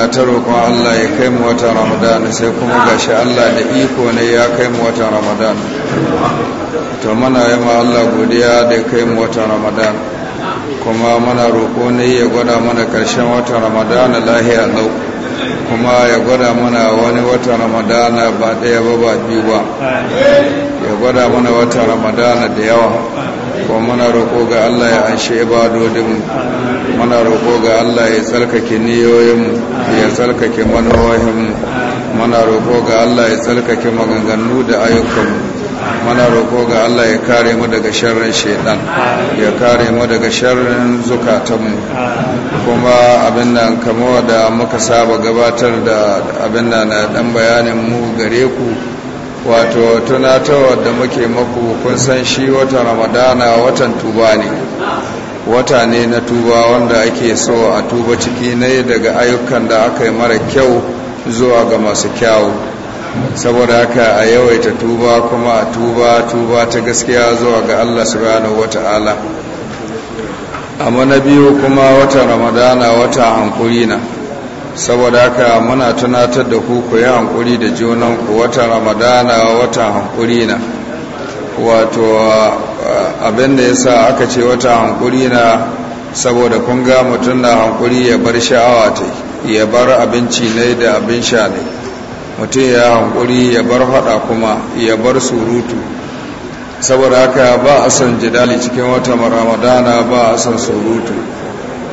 muna ta roƙon Allah ya kai mu watan Ramadan sai kuma gashi Allah da iko ne ya kai mu watan Ramadan to muna yi ma Allah godiya da kai mu watan Ramadan kuma muna roƙo ne ya gwada mana ƙarshen watan Ramadan lahiya lau kuma ya gwada mana wani watan Ramadan ba ɗaya ba ba biyu ba ya gwada mana wata Ramadan da yawa kuma muna roƙo ga Allah ya anshe ibadodinmu muna roƙo ga Allah ya tsarkake niyoyinmu ya tsarkake manohinmu muna roƙo ga Allah ya tsarkake maganganu da ayyukanmu muna roƙo ga Allah ya kare mu daga sharrin shaidan ya kare mu daga sharrin zukatanmu kuma abin nan kamo da muka saba gabatar da abin nan na dan bayanin mu gare ku wato tunatawar da muke maku kun san shi wata ramadana watan tuba ne wata ne na tuba wanda ake so a tuba ciki ne daga ayyukan da aka yi mara kyau zuwa ga masu kyawu saboda haka a yawaita tuba kuma a tuba tuba ta gaskiya zuwa ga allah subhanahu wata'ala amma na biyu kuma wata ramadana wata hankuri saboda haka muna tunatar da ku ku yi hankuri da junan ku watan ramadana watan hankuri na wato abin da ya sa aka ce watan hankuri na saboda kun ga mutum na hankuri ya bar sha'awa ta ya bar abinci ne da abin sha ne mutum ya hankuri ya bar hada kuma ya bar surutu saboda haka ba a son jidali cikin watan ramadana ba a son surutu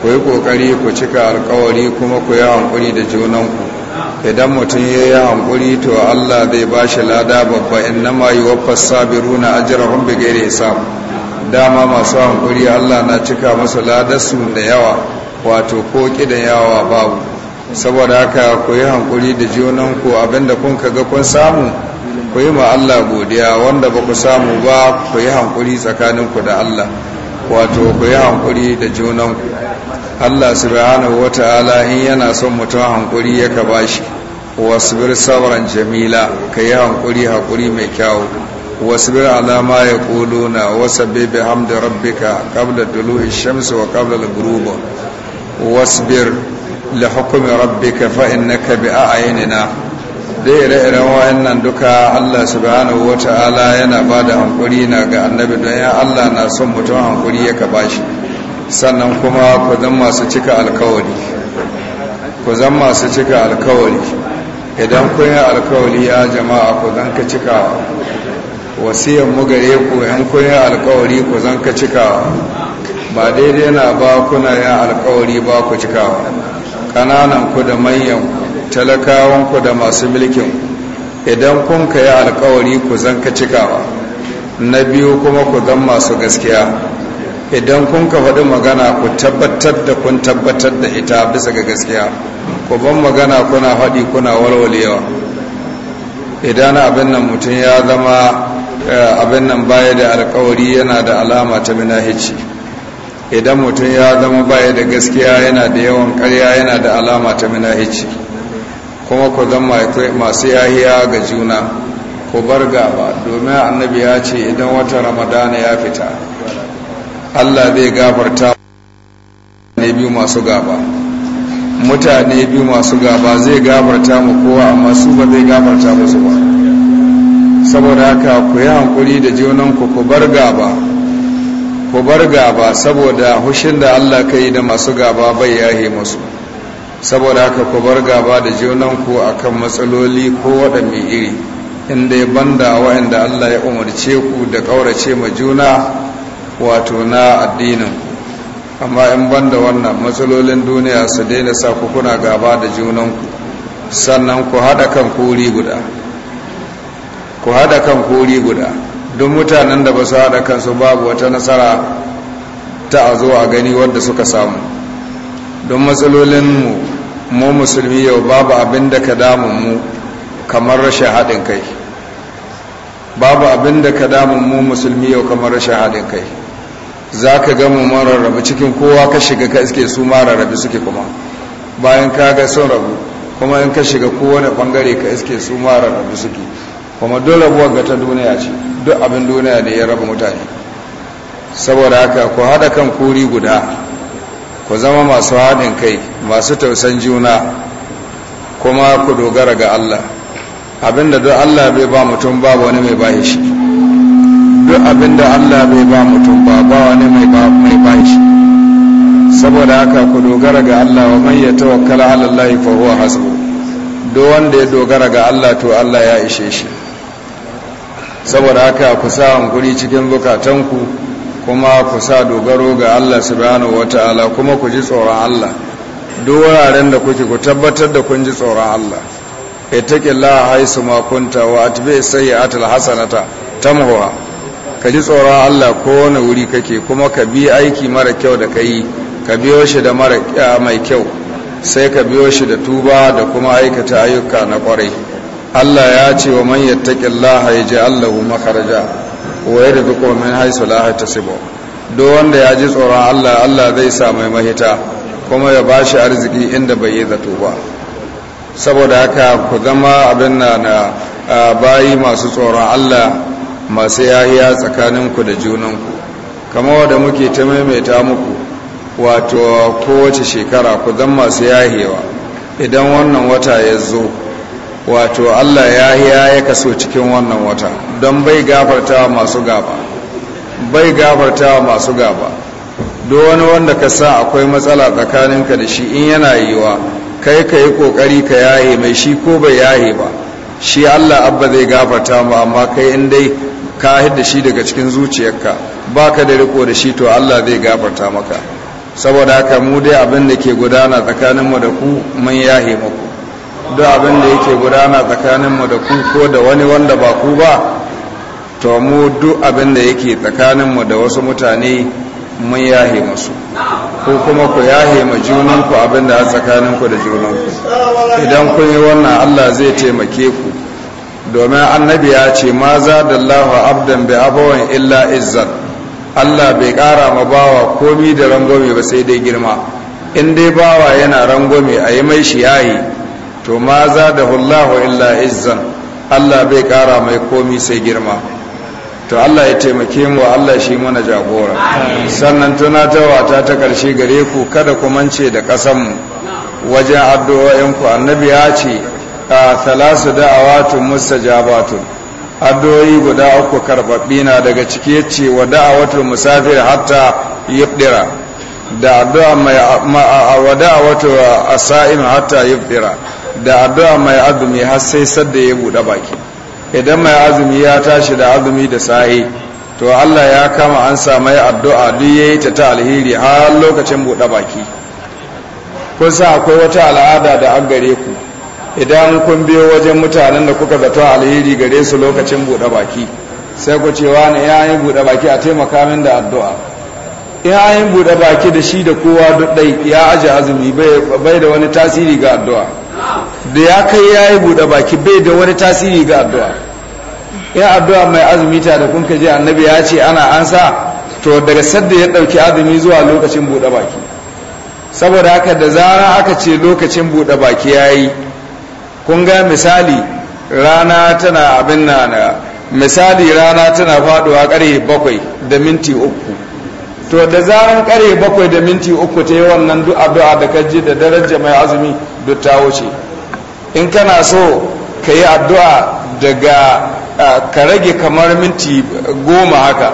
ku yi ƙoƙari ku cika alkawari kuma ku yi hankuri da junanku idan mutum ya yi hankuri to allah zai ba shi lada babba in na ma yi wafas sabiru na ajirahun bigere hisab dama masu hankuri allah na cika masu ladarsu da yawa wato ko kidan yawa babu saboda haka ku yi hankuri da junanku abinda kun ga kun samu ku yi ma allah godiya wanda ba ku samu ba ku yi hankuri tsakaninku da allah wato ku yi hankuri da junanku Allah subhanahu wa ta'ala in yana son mutum hankuri ya ka bashi wasbir sabran jamila ka yi hankuri hakuri mai kyau. Wasu bir alama ya kuluna wasabbi bi hamdi rabbika qabla duluhi shamsu wa qabla al-ghurub wasbir li hukmi rabbika fa ka bi a a'yinina dai ire-iren nan duka Allah subhanahu wata'ala yana bada hankuri na ga annabi don ya Allah na son mutum hankuri ya ka bashi sannan kuma ku zan masu cika alkawari ku zan masu cika alkawari idan kun yi alkawari ya jama'a ku zan ka cikawa wasiyan mu gare ku yan kun yi alkawari ku zan ka cikawa ba daidai na ba kuna yin alkawari ba ku cikawa ƙananan ku da manyan talakawan ku da masu mulkin idan kun ka yi alkawari ku zan ka cikawa na biyu kuma ku zan masu gaskiya idan kun ka faɗi magana ku tabbatar da kun tabbatar da ita bisa ga gaskiya ku ban magana kuna faɗi kuna walwalewa idan abin nan mutum ya zama eh, abin nan baya da alkawari yana da alama ta minahici idan mutum ya zama baya da gaskiya yana da yawan karya yana da alama ta minahici kuma ku zan masu yahiya ga juna ku bar gaba domin annabi ya ce idan wata ramadana ya fita Allah zai gafarta ne biyu masu gaba mutane biyu masu gaba zai gafarta mu kowa amma su ba zai gafarta musu ba saboda haka ku yi hankuri da junanku ku bar gaba ku bar gaba saboda hushin da Allah ka yi da masu gaba bai yahe musu saboda haka ku bar gaba da junanku akan matsaloli ko waɗanne iri inda ya banda waɗanda Allah ya umarce ku da ƙaurace ma juna wato na addinin amma in banda wannan matsalolin duniya su daina sa ku kuna gaba da junanku sannan ku hada kan kuri guda ku hada kan kuri guda duk mutanen da ba su kan kansu babu wata nasara ta a zo a gani wadda suka samu don matsalolinmu mu musulmi yau babu abin da ka damun mu kamar rashin haɗin kai babu abin da ka damun mu musulmi yau kamar rashin haɗin kai za ka ga mu rabu cikin kowa ka shiga ka iske su ma rabu suke kuma bayan ka ga sun rabu kuma in ka shiga kowane bangare ka iske su ma rabu suke kuma dole buwa ga ta duniya ce duk abin duniya ne ya raba mutane saboda haka ku haɗa kan kuri guda ku zama masu haɗin kai masu tausan juna kuma ku dogara ga Allah abinda duk Allah bai ba mutum babu wani mai bashi shi duk abin da Allah bai ba mutum ba ba wani mai ba shi saboda haka ku dogara ga Allah wa man yatawakkala ala Allah fa huwa hasbu duk wanda ya dogara ga Allah to Allah ya ishe shi saboda haka ku sa hankuri cikin zukatanku kuma ku sa dogaro ga Allah subhanahu wataala kuma ku ji tsoron Allah duk wuraren da kuke ku tabbatar da kun ji tsoron Allah ittaqillaha haisu ma kunta wa atbi sayyi'atal hasanata tamhuha ka ji tsoron Allah kowane wuri kake kuma ka bi aiki mara kyau da ka ka biyo shi da mara mai kyau sai ka biyo shi da tuba da kuma aikata ayyuka na kwarai Allah ya ce wa man yattaqillaha yaj'al lahu makharaja wa yarzuqhu min haythu la yahtasib duk wanda ya ji tsoron Allah Allah zai sa mai mahita kuma ya bashi arziki inda bai yi zato ba saboda haka ku zama abin na bayi masu tsoron Allah masu yahiya tsakaninku da junanku kama wadda muke ta maimaita muku wato kowace shekara ku zan masu yahewa idan wannan wata ya zo wato allah yahiya ya kaso cikin wannan wata don bai gafarta masu gaba bai gafarta masu gaba do wani wanda ka sa akwai matsala tsakaninka da shi in yana yiwa kai ka yi kokari ka yahi mai shi ko bai yahi ba shi allah abba zai gafarta ba amma kai in dai ka hidda shi daga cikin zuciyarka ba ka da riko da shi to Allah zai gafarta maka saboda haka mu dai abin da ke gudana tsakaninmu da ku mun yahe muku duk abin da yake gudana tsakaninmu da ku ko da wani wanda ba ku ba to mu duk abin da yake tsakaninmu da wasu mutane mun yahe musu ko kuma ku yahe ma junanku abin da a tsakaninku da junanku idan kun yi wannan Allah zai taimake ku domin annabi ya ce ma za da lafa abdan bai abawan illa izzan allah bai kara ma bawa komi da rangwami ba sai dai girma in dai bawa yana rangwami a yi mai shi yayi to ma za da hullahu illa izzan allah bai kara mai komi sai girma to allah ya taimake mu allah shi mana jagora sannan tunatarwa ta ta karshe gare ku kada ku mance da mu wajen addu'o'inku annabi ya ce salasu da'awatun mustajabatun addu'o'i guda uku karɓaɓɓi na daga ciki yace wa da'awatul musafir hatta da addu'a mai wa da'awatu asa'im hatta yubdira da addu'a mai azumi har sai sadda ya buɗe baki idan mai azumi ya tashi da azumi da sahi to Allah ya kama an samu addu'a duk yayi ta ta alheri har lokacin buɗe baki kun sa akwai wata al'ada da an gare ku idan kun biyo wajen mutanen da kuka zato alheri gare su lokacin buɗe baki sai ku cewa ne ya yi buɗe baki a taimaka min da addu'a in an yi buɗe baki da shi da kowa duk ɗai ya aje azumi bai da wani tasiri ga addu'a da ya kai ya yi buɗe baki bai da wani tasiri ga addu'a ya addu'a mai azumi ta da kun ka je annabi ya ce ana ansa to daga sadda ya ɗauki azumi zuwa lokacin buɗe baki saboda haka da zara aka ce lokacin buɗe baki ya yi kun ga misali rana tana abin na misali rana tana faduwa kare bakwai da minti uku to da zaran kare bakwai da minti uku ta yi wannan du'a addu'a da kaji da daraja mai azumi duk ta wuce in kana so ka yi addu'a daga ka rage kamar minti goma haka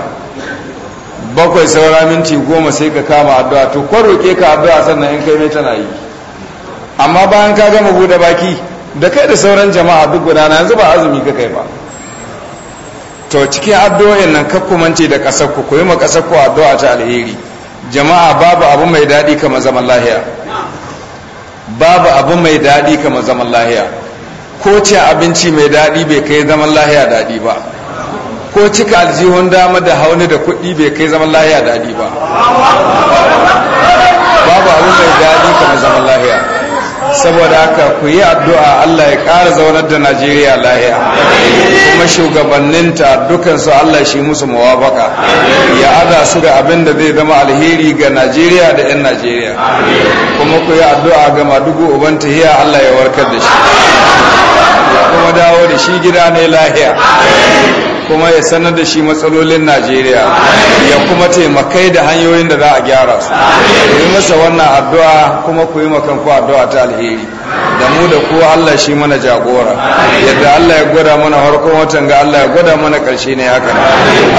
bakwai saura minti goma sai ka kama addu'a to kwaroke ka addu'a sannan in kai mai tana yi amma bayan ka gama bude baki da kai da sauran jama'a duk gudana yanzu ba azumi ka kai ba to cikin addu'o'in nan kakkumance da ƙasarku ku yi ma ƙasarku addu'a ta alheri jama'a babu abu mai daɗi kama zaman lahiya babu abu mai daɗi kama zaman lahiya ko ci abinci mai daɗi bai kai zaman lahiya daɗi ba ko cika aljihun dama da hauni da kuɗi bai kai zaman lahiya daɗi ba babu abu mai daɗi kama zaman lahiya saboda haka ku yi addu'a Allah ya ƙara zaunar da Najeriya lahiya kuma shugabanninta dukansu Allah shi musu mawabaka ya ada su ga abin da zai zama alheri ga Najeriya da 'yan Najeriya kuma ku yi addu'a ga madugu uban tahiya Allah ya warkar da shi kuma dawo da shi gida ne lahiya kuma ya sanar da shi matsalolin najeriya ya kuma taimakai da hanyoyin da za a gyara su ku yi masa wannan addu'a kuma ku yi makanku addu'a ta alheri da mu da ku allah shi mana jagora yadda allah ya gwada mana harkon watan ga allah ya gwada mana karshe ne haka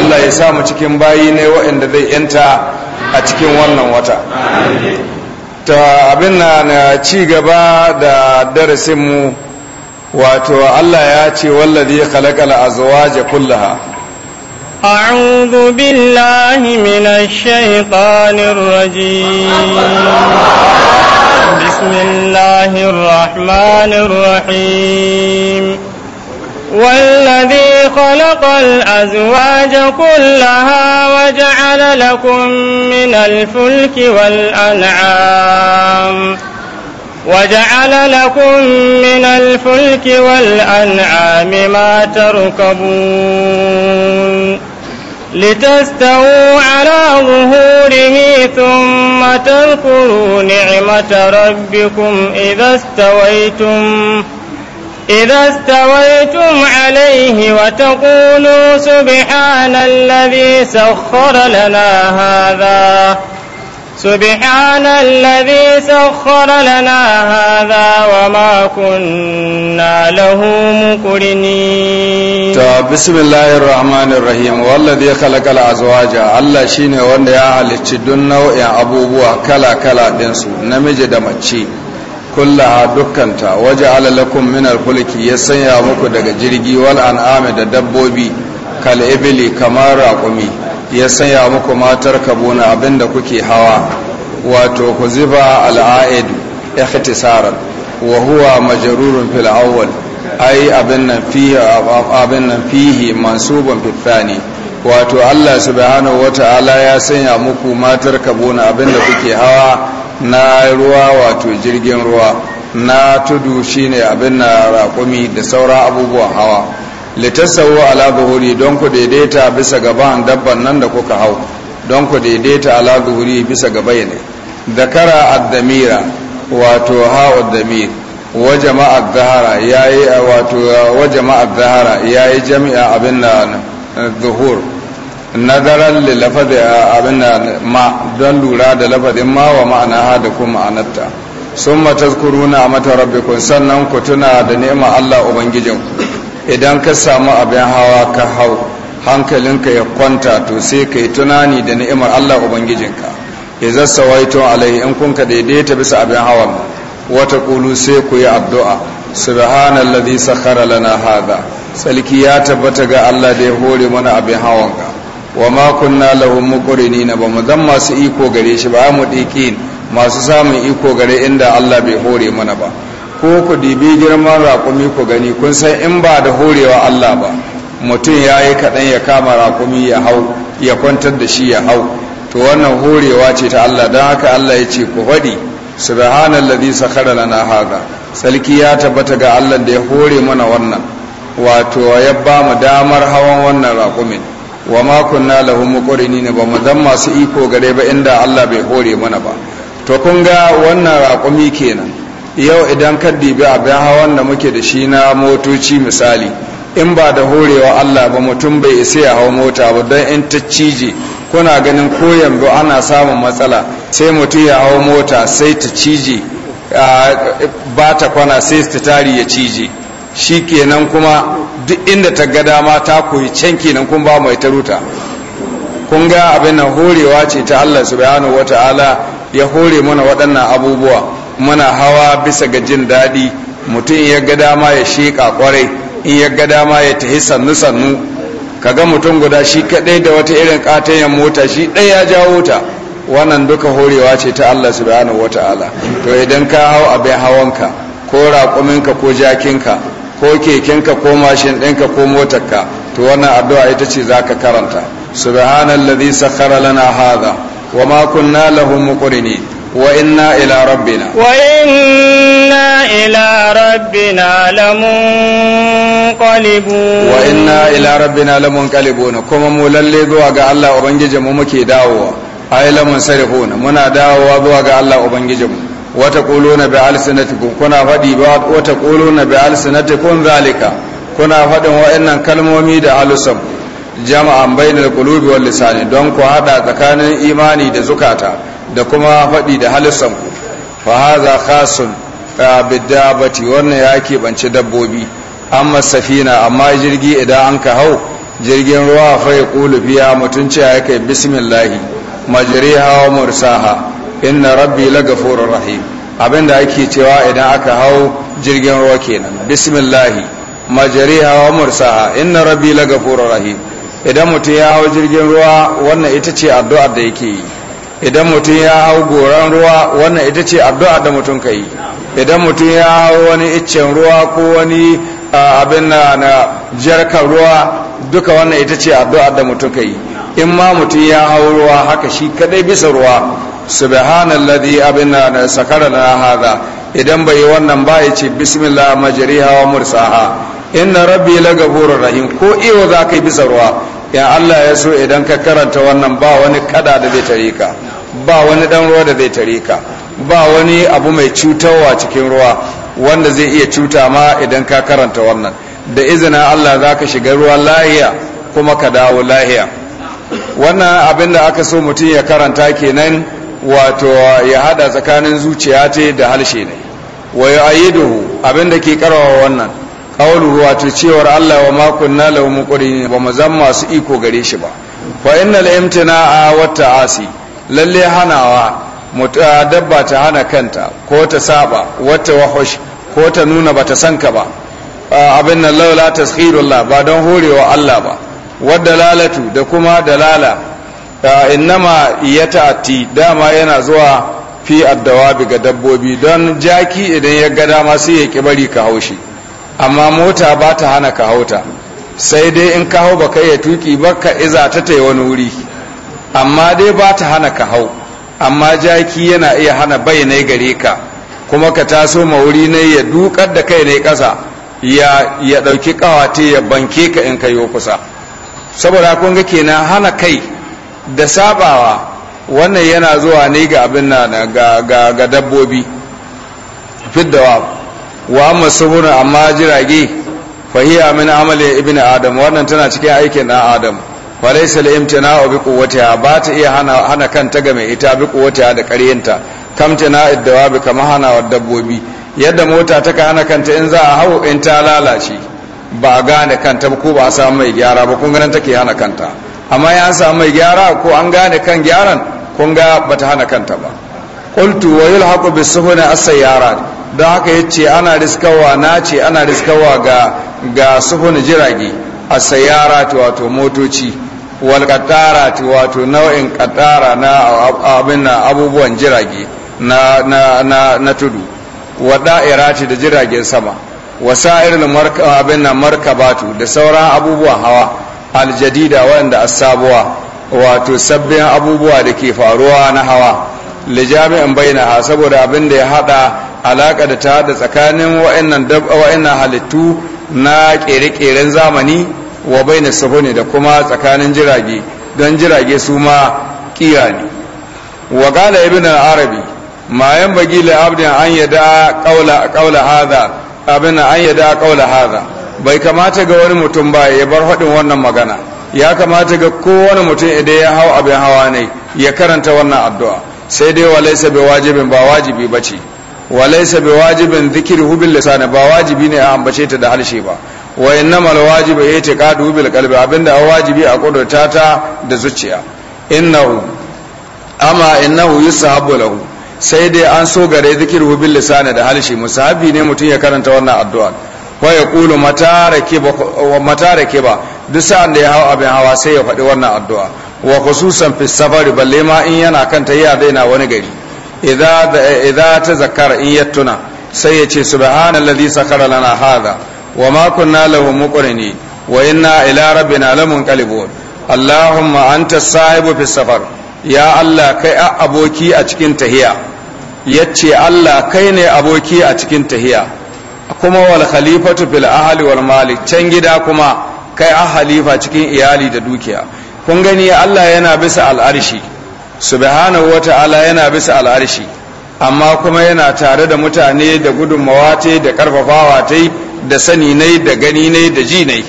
allah ya sa mu cikin bayi ne waɗanda zai yanta a cikin wannan wata ta abin na ci gaba da darasinmu wato Allah ya ce wallazi khalaqal azwaja kullaha a'udhu billahi minash shaitanir rajim bismillahir rahmanir rahim والذي خلق الأزواج كلها وجعل لكم من الفلك والأنعام وجعل لكم من الفلك والأنعام ما تركبون لتستووا على ظهوره ثم تذكروا نعمة ربكم إذا استويتم إذا استويتم عليه وتقولوا سبحان الذي سخر لنا هذا سبحان الذي سخر لنا هذا وما كنا له مقرنين to bismillahir rahmanir rahim wallazi khalaqal azwaja Allah shine wanda ya halicci duk nau'in abubuwa kala kala din su namiji da mace kullaha dukkanta waja'ala lakum minal fulki ya sanya muku daga jirgi wal an'ami da dabbobi kal ibli kamar raqumi ya sanya muku matar kabuna abinda kuke hawa wato ku ziba al'aid ikhtisaran wa huwa majrurun fil awwal ai abin nan fihi abin nan fihi mansuban fil thani wato Allah subhanahu wata'ala ya sanya muku matar kabuna abinda kuke hawa na ruwa wato jirgin ruwa na tudu shine abin na raƙumi da sauran abubuwan hawa litassawo ala buhuri don ku daidaita bisa gaban dabban nan da kuka hau don ku daidaita ala buhuri bisa gaba ne dakara addamira wato ha'ud damir wa jama'a zahara yayi wato wa jama'a zahara yayi jami'a abin da zuhur nadaran li lafazi abin da ma don lura da lafazin ma wa ma'ana ha da kuma anatta sun tazkuruna amata mata sannan ku tuna da ni'ima Allah ubangijinku idan ka samu abin hawa ka hau hankalinka ya kwanta to sai ka yi tunani da ni'imar Allah Ubangijinka idan waito alai in kun ka daidaita bisa abin hawan wata kulu sai ku yi addu'a subhanallazi sakhara lana hadha tsalki ya tabbata ga Allah da ya hore mana abin hawa ka wa ma kunna lahu muqrinin ba mu zan masu iko gare shi ba mu dikin masu samun iko gare inda Allah bai hore mana ba ko ku dibi girman raƙumi ku gani kun san in ba da horewa Allah ba mutum ya yi kaɗan ya kama raƙumi ya hau ya kwantar da shi ya hau to wannan horewa ce ta Allah don haka Allah ya ce ku faɗi subhanallazi sakara lana haza sarki ya tabbata ga Allah da ya hore mana wannan wato ya ba mu damar hawan wannan raƙumin wa ma kunna lahu muqrinin ba mu zan masu iko gare ba inda Allah bai hore mana ba to kun ga wannan raƙumi kenan yau idan ka dibi abin hawan da muke da shi na motoci misali in ba da horewa Allah ba mutum bai isa ya hau mota ba don in ta cije kuna ganin koyan yanzu ana samun matsala sai mutum ya hau mota sai ta cije ba ta kwana sai ta tari ya cije shi kenan kuma duk inda ta ga dama ta koyi can kenan kun ba mai ta kun ga abin nan horewa ce ta Allah subhanahu wata'ala ya hore mana waɗannan abubuwa muna hawa bisa ga jin daɗi mutum ya ga dama ya sheka kwarai in ya ga dama ya tahi sannu sannu ka ga mutum guda shi kaɗai da wata irin ƙatayen mota shi ɗaya ya jawo ta wannan duka horewa ce ta Allah subhanahu wata'ala to idan ka hau abin hawanka ko raƙuminka ko jakinka ko kekenka ko mashin ɗinka ko motarka to wannan addu'a ita ce za ka karanta subhanallazi sakhara lana hadha wa ma kunna lahu muqrinin وإنا إلى ربنا وإنا إلى ربنا لمنقلبون وإنا إلى ربنا لمنقلبون كما مولل ذو أجا الله أبنجي ممكي داوة أي لمنصرفون منا داوة ذو أجا الله أبنجي وتقولون بألسنتكم كنا فدي بعد وتقولون بألسنتكم ذلك كنا فدي وإن كلمومي على ألسم جمعا بين القلوب واللسان دونك هذا تكان إيماني دا da kuma faɗi da halissan ku fa haza khasun bidabati wannan ya ke dabbobi amma safina amma jirgi idan an ka hau jirgin ruwa fa ya kulu biya mutun ce ya kai bismillah majriha wa mursaha inna rabbi lagafurur rahim abinda ake cewa idan aka hau jirgin ruwa kenan bismillah majriha wa mursaha inna rabbi lagafurur rahim idan mutum ya hau jirgin ruwa wannan ita ce addu'ar da yake yi idan mutum ya hau goron ruwa wannan ita ce addu'a da mutum ka yi idan mutum ya hau wani iccen ruwa ko wani abin na jarkar ruwa duka wannan ita ce addu'a da mutum ka yi in ma mutum ya hau ruwa haka shi kadai bisa ruwa ladi abin na sakara na hada idan bai yi wannan ba ya ce bismillah majriha wa mursaha inna rabbi lagafurur rahim ko iyo za ka yi bisa ruwa ya Allah ya so idan ka karanta wannan ba wani kada da bai tare ka ba wani dan ruwa da zai tare ka ba wani abu mai cutarwa cikin ruwa wanda zai iya cuta ma idan ka karanta wannan da izina Allah za ka shiga ruwa lahiya kuma ka dawo lahiya wannan abin da aka so mutum ya karanta kenan wato ya hada tsakanin zuciya ce da halshe ne wa yu'ayyiduhu abin da ke karawa wannan qawluhu wato cewar Allah wa ma kunna lahu muqrin ba mu masu iko gare shi ba fa innal imtina'a wata ta'asi lalle hanawa dabba ta hana kanta ko ta saba wata wahosh ko ta nuna bata san ka ba abin nan laula tasghirullah ba don horewa Allah ba wadda lalatu da kuma dalala innama ya ta'ati dama yana zuwa fi addawa ga dabbobi don jaki idan ya ga dama sai ya kibari ka haushi amma mota ba ta hana ka hauta sai dai in ka hau baka ya tuki baka iza ta wani wuri amma dai ba ta hana ka hau amma jaki yana iya hana bayanai gare ka kuma ka taso ma wuri ne ya dukar da kai ne ƙasa ya ya ɗauki ƙawate ya banke ka in ka yi kusa saboda kun ga kenan hana kai da sabawa wannan yana zuwa ne ga abin nan ga ga dabbobi fiddawa wa amma amma jirage fahiya min amali ibnu adam wannan tana cikin aikin na adam falaisa al-imtina'u bi quwwatiha ba ta iya hana hana kanta ga mai ita bi quwwatiha da ƙaryanta kamtina iddawabi kama hana dabbobi yadda mota ta ka hana kanta in za a hau in ta lalace ba a gane kanta ba ko ba a samu mai gyara ba kun ganin take hana kanta amma ya samu mai gyara ko an gane kan gyaran kun ga ba ta hana kanta ba qultu wa yulhaqu bis suhuna as-sayyarat don haka yace ana riskawa na ce ana riskawa ga ga suhun jirage a sayyarat wato motoci wal wato nau'in qatara na abin abubuwan jirage na tudu wa da'irati da jiragen sama wa sa'irul markaba abin markabatu da sauran abubuwan hawa aljadida wanda asabuwa wato sabbin abubuwa da ke faruwa na hawa lijami'in bainaha saboda abin da ya hada alaƙa da ta hada tsakanin wa'annan halittu na kere-keren zamani wa bai na da kuma tsakanin jirage don jirage su ma kira ne wa gala ibn arabi ma yan bagi la abdin an yada qawla qawla hada abin an yada hada bai kamata ga wani mutum ba ya bar hadin wannan magana ya kamata ga kowane mutum idan ya hau abin hawa ne ya karanta wannan addu'a sai dai wa laysa bi wajibin ba wajibi bace wa laysa bi wajibin dhikruhu bil lisan ba wajibi ne a ambace ta da harshe ba wa innama wajibu i'tiqadu bil qalbi abinda wajibi a kudurta ta da zuciya innahu amma innahu yusahabu lahu sai dai an so gare zikiru bil lisani da halshi musahabi ne mutun ya karanta wannan addu'a wa ya kulu mata rake ba duk sa'an da ya hau abin hawa sai ya faɗi wannan addu'a wa khususan fi safari balle ma in yana kan ta yana daina wani gari idza ta tazakkara in ya tuna sai ya ce subhanallazi sakara lana hadha wa ma kunna lahu muqrini wa inna ila rabbina lamunqalibun allahumma anta sahibu fi safar ya allah kai aboki a cikin tahiya yace allah kai ne aboki a cikin tahiya kuma wal khalifatu fil ahli wal mali can gida kuma kai a halifa cikin iyali da dukiya kun gani allah yana bisa al'arshi subhanahu wata'ala yana bisa al'arshi amma kuma yana tare da mutane da gudunmawa ta da karfafawa ta da sani ne da gani ne da ji ne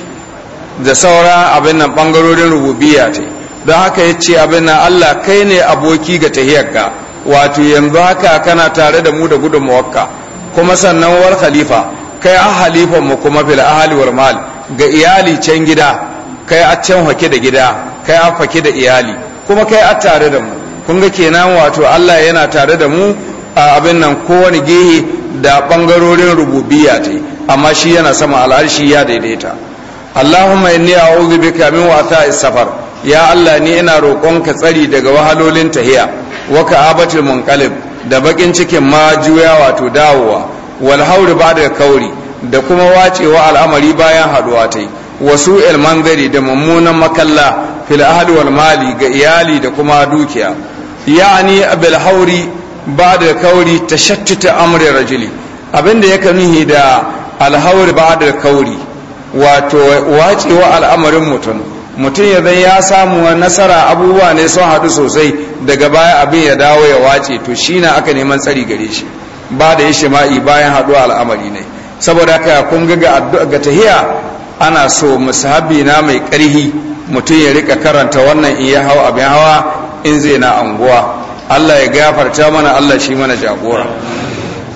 da saura abin nan bangarorin rububiya ce don haka ya ce abin nan Allah kai ne aboki ga tahiyarka wato yanzu haka kana tare da mu da gudun gudunmawarka kuma sannan war khalifa kai a halifan mu kuma fil ahli war mal ga iyali can gida kai a can hake da gida kai a fake da iyali kuma kai a tare da mu kun ga kenan wato Allah yana tare da mu a abin nan kowane gehe da bangarorin rububiya ce amma shi yana sama al'arshi ya daidaita Allahumma inni a'udhu bika min watha'i safar ya Allah ni ina roƙonka tsari daga wahalolin tahiya wa ka'abatil munqalib da bakin cikin ma juya wato dawowa wal hauri ba'da kauri da kuma wacewa al'amari bayan haduwa tai wasu manzari da mummunan makalla fil ahl wal mali ga iyali da kuma dukiya yani abul hauri ba da kauri tashattata amri rajuli abinda yake nuhi da alhawar ba da kauri wato wacewa al'amarin mutum mutum ya zai ya samu nasara abubuwa ne sun haɗu sosai daga baya abin ya dawo ya wace to shi na aka neman tsari gare shi ba da ya shima'i bayan haɗuwa al'amari ne saboda haka kun ga ga tahiya ana so musahabi na mai ƙarhi mutum ya rika karanta wannan in ya hau abin hawa in zai na anguwa Allah ya gafarta mana Allah shi mana jagora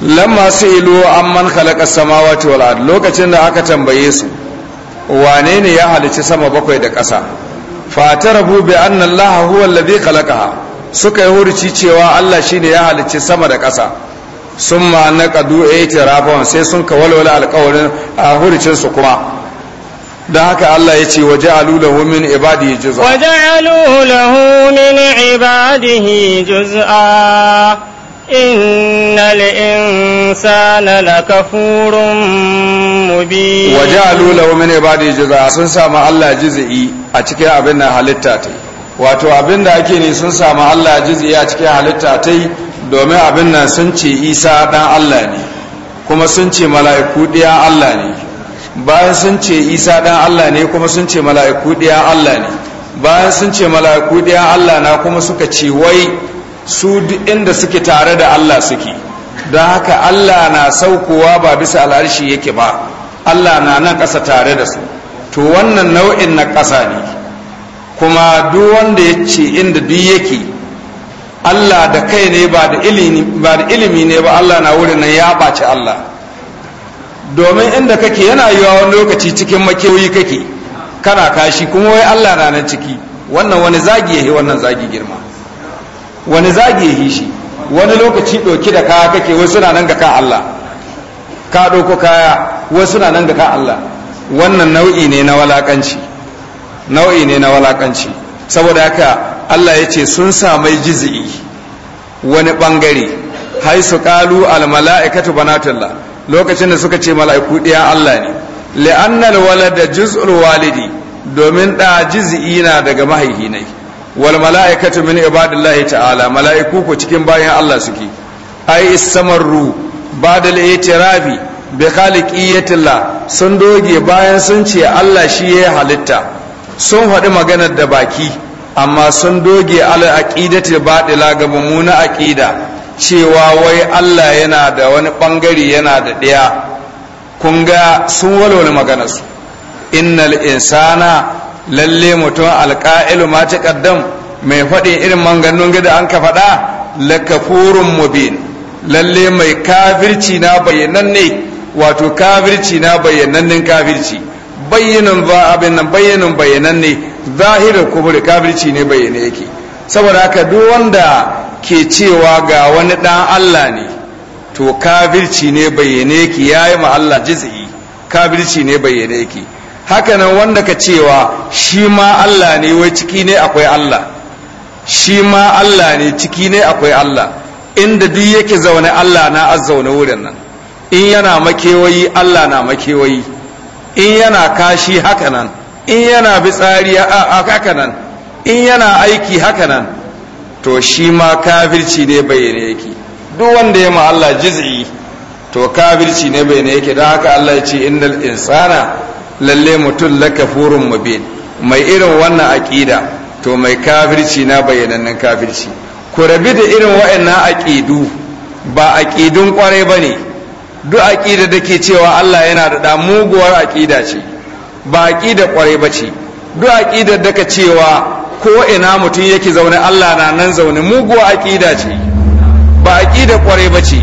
lamma an man khalaqa samawati wal ard lokacin da aka tambaye su wane ne ya halici sama bakwai da ƙasa tarabu bi anna allah huwa alladhi khalaqaha suka yi hurci cewa Allah shine ya halici sama da ƙasa summa naqadu itirafan sai sun ka walwala alƙawarin a hurcin su kuma da haka Allah ya ce waje alulahu min ibadihi juz'a waje alulahu min ibadihi juz'a إن الإنسان لكفور مبين وجعلوا له من عباده جزاء sun samu Allah juz'i a cikin abin da halitta tai wato abin da ake ne sun samu Allah juz'i a cikin halitta tai domin abin nan sun ce Isa dan Allah ne kuma sun ce mala'iku ɗaya Allah ne bayan sun ce Isa dan Allah ne kuma sun ce mala'iku ɗaya Allah ne bayan sun ce mala'iku ɗaya Allah na kuma suka ce wai su duk inda suke tare da Allah suke don haka Allah na saukowa ba bisa al'arshi yake ba Allah na nan ƙasa tare da su to wannan nau'in na ƙasa ne kuma duk wanda ya ce inda duk yake Allah da kai ne ba da ilimi ne ba Allah na wurin nan ya ɓaci Allah domin inda kake yana yiwa wani lokaci cikin makewoyi kake kana kashi kuma wai Allah na nan ciki wannan wani zagi ya yi wannan zagi girma wani zagi ya shi wani lokaci ɗauki da kaya kake wasu suna nan ga ka Allah ka ɗauko kaya wasu suna nan ga ka Allah wannan nau'i ne na walakanci nau'i ne na walakanci saboda haka Allah ya ce sun samai jizi'i wani ɓangare hai su ƙalu almala'ikatu banatullah lokacin da suka ce mala'iku ɗiya Allah ne li'annal walada juz'ul walidi domin da jizi'i na daga mahaihinai wal mala'ikatu min ibadillahi ta'ala mala'iku ku cikin bayan Allah suke ai istamarru badal i'tirabi bi khaliqiyatillah sun doge bayan sun ce Allah shi ya halitta sun faɗi maganar da baki amma sun doge ala aqidati batila ga mummuna aqida cewa wai Allah yana da wani bangare yana da ɗaya kun ga sun walwala maganar su innal insana lalle mutum alƙa'ilu ma ta ƙaddam mai faɗin irin manganun gida an ka faɗa lakafurun mubin lalle mai kafirci na ne, wato kafirci na bayyanannen kafirci bayyanan ba abin nan bayyanan ne zahirar kubur kafirci ne bayyane yake saboda haka duk wanda ke cewa ga wani ɗan Allah ne to kafirci ne bayyane yake yayi ma Allah jiz'i kafirci ne bayyane yake haka nan wanda ka cewa shi ma Allah ne wai ciki ne akwai Allah shi ma Allah ne ciki ne akwai Allah inda duk yake zaune Allah na azzaune wurin nan in yana makewayi Allah na makewayi in yana kashi haka nan in yana bitsari haka nan in yana aiki haka nan to shi ma kafirci ne bayyane yake duk wanda ya ma Allah jiz'i to kafirci ne bayyane yake don haka Allah ya ce innal insana lalle mutum lakafurun mubin mai irin wannan aƙida to mai kafirci na bayyanannen kafirci ku rabi da irin waɗannan aƙidu ba aƙidun ƙwarai ba ne duk aƙida da ke cewa Allah yana da ɗa muguwar aƙida ce ba aƙida ƙwarai ba ce duk aƙida da cewa ko ina mutum yake zaune Allah na nan zaune muguwar aƙida ce ba aƙida ƙwarai ba ce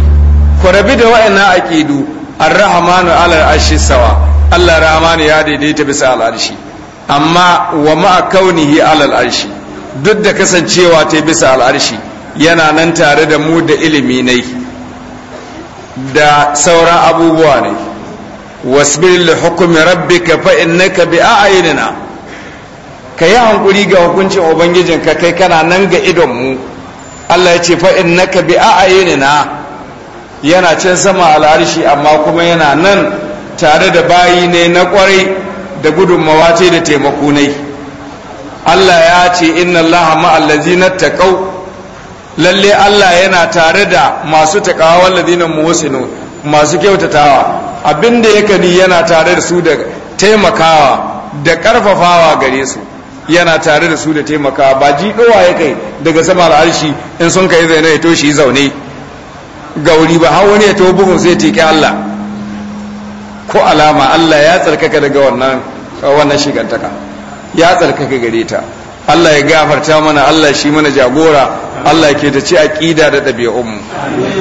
ku rabi da waɗannan aƙidu arrahmanu alal ashisawa Allah ramani ya daidaita bisa al'arshi amma wa ma'a kaunihi alal arshi duk da kasancewa ta bisa al'arshi yana nan tare da mu da ilimi ne da sauran abubuwa ne wasbir li hukmi rabbika fa innaka bi a'yunina ka yi hankuri ga hukuncin ubangijinka kai kana nan ga idon mu Allah ya ce fa innaka bi a'yunina yana can sama al'arshi amma kuma yana nan tare da bayi ne na kwarai da gudunmawa ce da taimakonai Allah ya ce inna Allah ma'allazina taqaw lalle Allah yana tare da masu taqawa wallazina muwasinu masu kyautatawa abinda yake ni yana tare da su da taimakawa da karfafawa gare su yana tare da su da taimakawa ba ji dowa ya daga sama al'arshi in sun kai zaune ya shi zaune gauri ba har wani ya to bugun sai teke Allah ko alama Allah ya tsarkaka daga wannan wannan shigantaka ya tsarkaka gare ta Allah ya gafarta mana Allah shi mana jagora Allah ke da ci aqida da dabi'un mu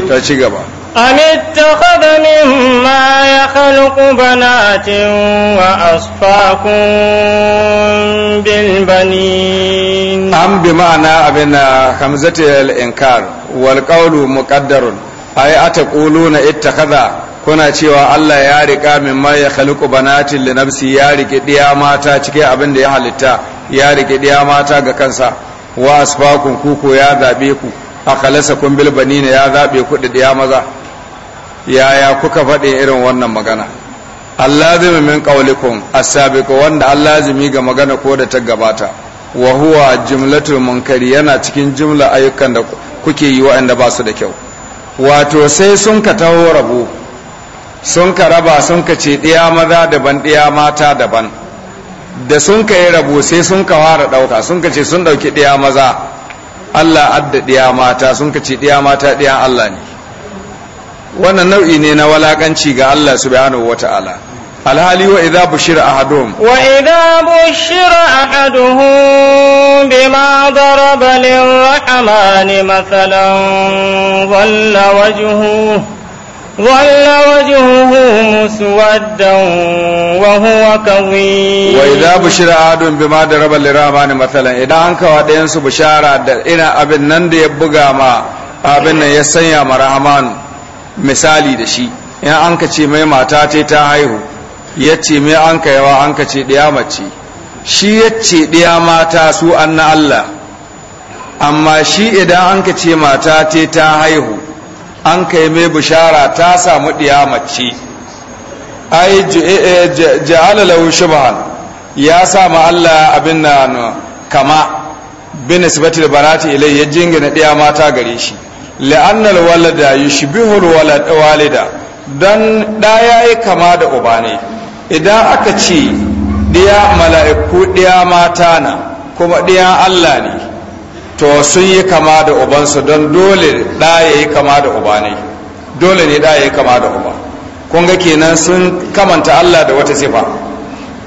ta ci gaba an ma ya yakhluqu banatin wa asfaqun bil banin am bi ma'ana abina hamzatul inkar wal qawlu muqaddarun ay ataquluna ittakhadha kuna cewa Allah ya rika min ma ya khaliqu banatin li nafsi ya rike diya mata cike abin da ya halitta ya rike diya mata ga kansa wa asbaqun kuku ya zabe ku kun bil banina ya zabe ku da diya maza yaya kuka faɗi irin wannan magana allazimi min qaulikum as wanda allazimi ga magana ko da ta gabata wa huwa jumlatul munkari yana cikin jumla ayyukan da kuke yi waɗanda ba su da kyau wato sai sun ka taho rabo sun ka raba sun ka ce ɗiya maza daban ɗiya mata daban da sun ka yi rabo sai sun ka fara ɗauka sun ka ce sun ɗauki ɗiya maza Allah adda ɗiya mata sun ka ce ɗiya mata ɗiya Allah ne wannan nau'i ne na walakanci ga Allah subhanahu wata'ala alhali wa idza bushira ahaduhum wa idza bushira ahaduhum bima daraba lirrahmani mathalan dhalla wajhuhu ظل وجهه مسودا وهو كظيم وإذا بشر آدم بما درب للرحمن مثلا idan an kawa بشارة إنا bishara da ina abin nan da ya buga ma abin nan ya sanya ma rahman misali da shi in an ka ce mai mata ce ta haihu ya ce mai an ka ce ɗaya mace shi ya ce ɗaya mata su an na Allah amma shi idan an ka ce mata ce ta haihu an kai mai bishara ta samu ɗiya mace ai eh, eh, ja'ala lahu shubhan ya sa ma Allah abin nan kama bin da barati ilai ya na ɗiya mata gare shi la'annal walada walad walida dan da yayi kama da uba ne idan aka ce diya mala'iku diya mata na kuma diya Allah ne to sun yi kama da ubansu don dole da ya yi kama da uba ne dole ne ɗa ya yi kama da uba kun ga kenan sun kamanta Allah da wata sifa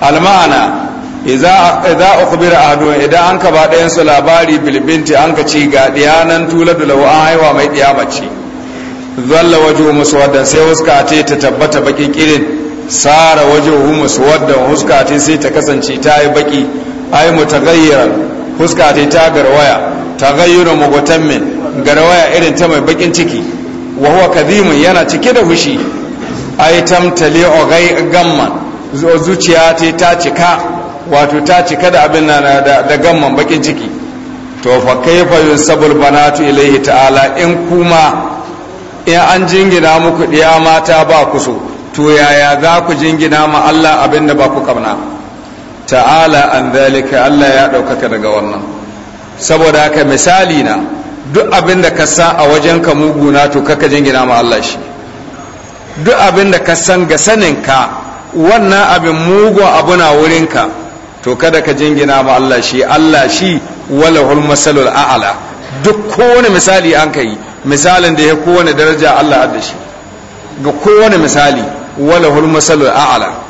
alma'ana idza ukhbira ahadun idan an kaba ɗayan su labari bilbinti an ka ci ga diyanan da lawa an haiwa mai diyamaci zalla waje musu wadda sai huska ce ta tabbata baki kirin sara musu wadda huska ce sai ta kasance ta yi baki ta mutaghayyiran fuska ta ta garwaya ta gayyura min garwaya irin ta mai bakin ciki wa huwa kadhimun yana cike da hushi ai tamtali ogai gamman zuciya ta ta cika wato ta cika da abin nan da gamman bakin ciki to fa kaifa yusabul banatu ilaihi ta'ala in kuma in an jingina muku diya mata ba ku so to yaya za ku jingina ma Allah abinda baku ba ku kamna ta'ala an dalika Allah ya ɗaukaka daga wannan saboda haka misali na duk abin da ka san a wajen ka muguna to kaka jingina ma Allah shi duk abin da ka san ga saninka wannan abin mugun abu na wurinka to kada ka jingina ma Allah shi Allah shi wala hul masalul a'ala duk kowane misali an kai misalin da ya kowane daraja Allah adda shi ga kowane misali wala hul masalul a'ala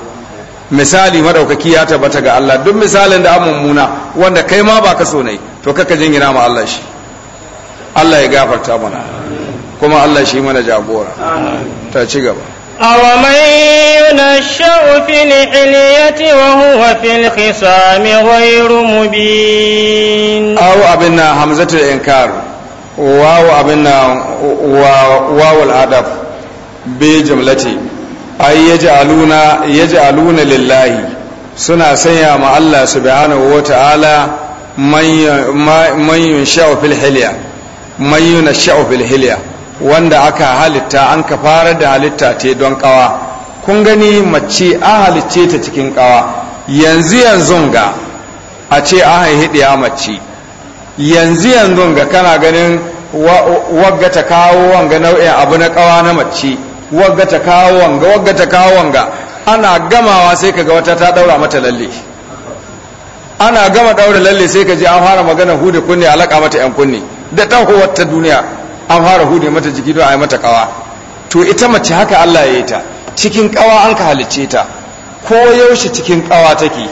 misali madaukaki ya tabbata ga Allah duk misalin da mummuna wanda kai ma ba ka so ne to kaka jingina ma Allah shi Allah ya gafarta mana kuma Allah shi mana jagora ta ci gaba أومن ينشأ في الحلية وهو في الخصام غير مبين أو أبنا همزة الإنكار واو أبنا واو الأدب بجملتي ai yaj'aluna lillahi suna sanya ma Allah subhanahu wata'ala man yunsha'u fil hilya man yunsha'u fil hilya wanda aka halitta an ka fara da halitta ce don kawa kun gani mace a halicce ta cikin kawa yanzu yanzu ga a ce a a mace yanzu yanzu ga kana ganin wagga ta kawo wanga nau'in abu na kawa na mace wagga ta kawo wanga wagga ta kawo wanga ana gamawa sai kaga wata ta daura mata lalle ana gama daura lalle sai ka ji an fara magana hude kunne alaka mata yan kunne da ta wata duniya an fara hude mata jiki don a yi mata kawa to ita mace haka Allah ya yi ta cikin kawa an ka halicce ta ko yaushe cikin kawa take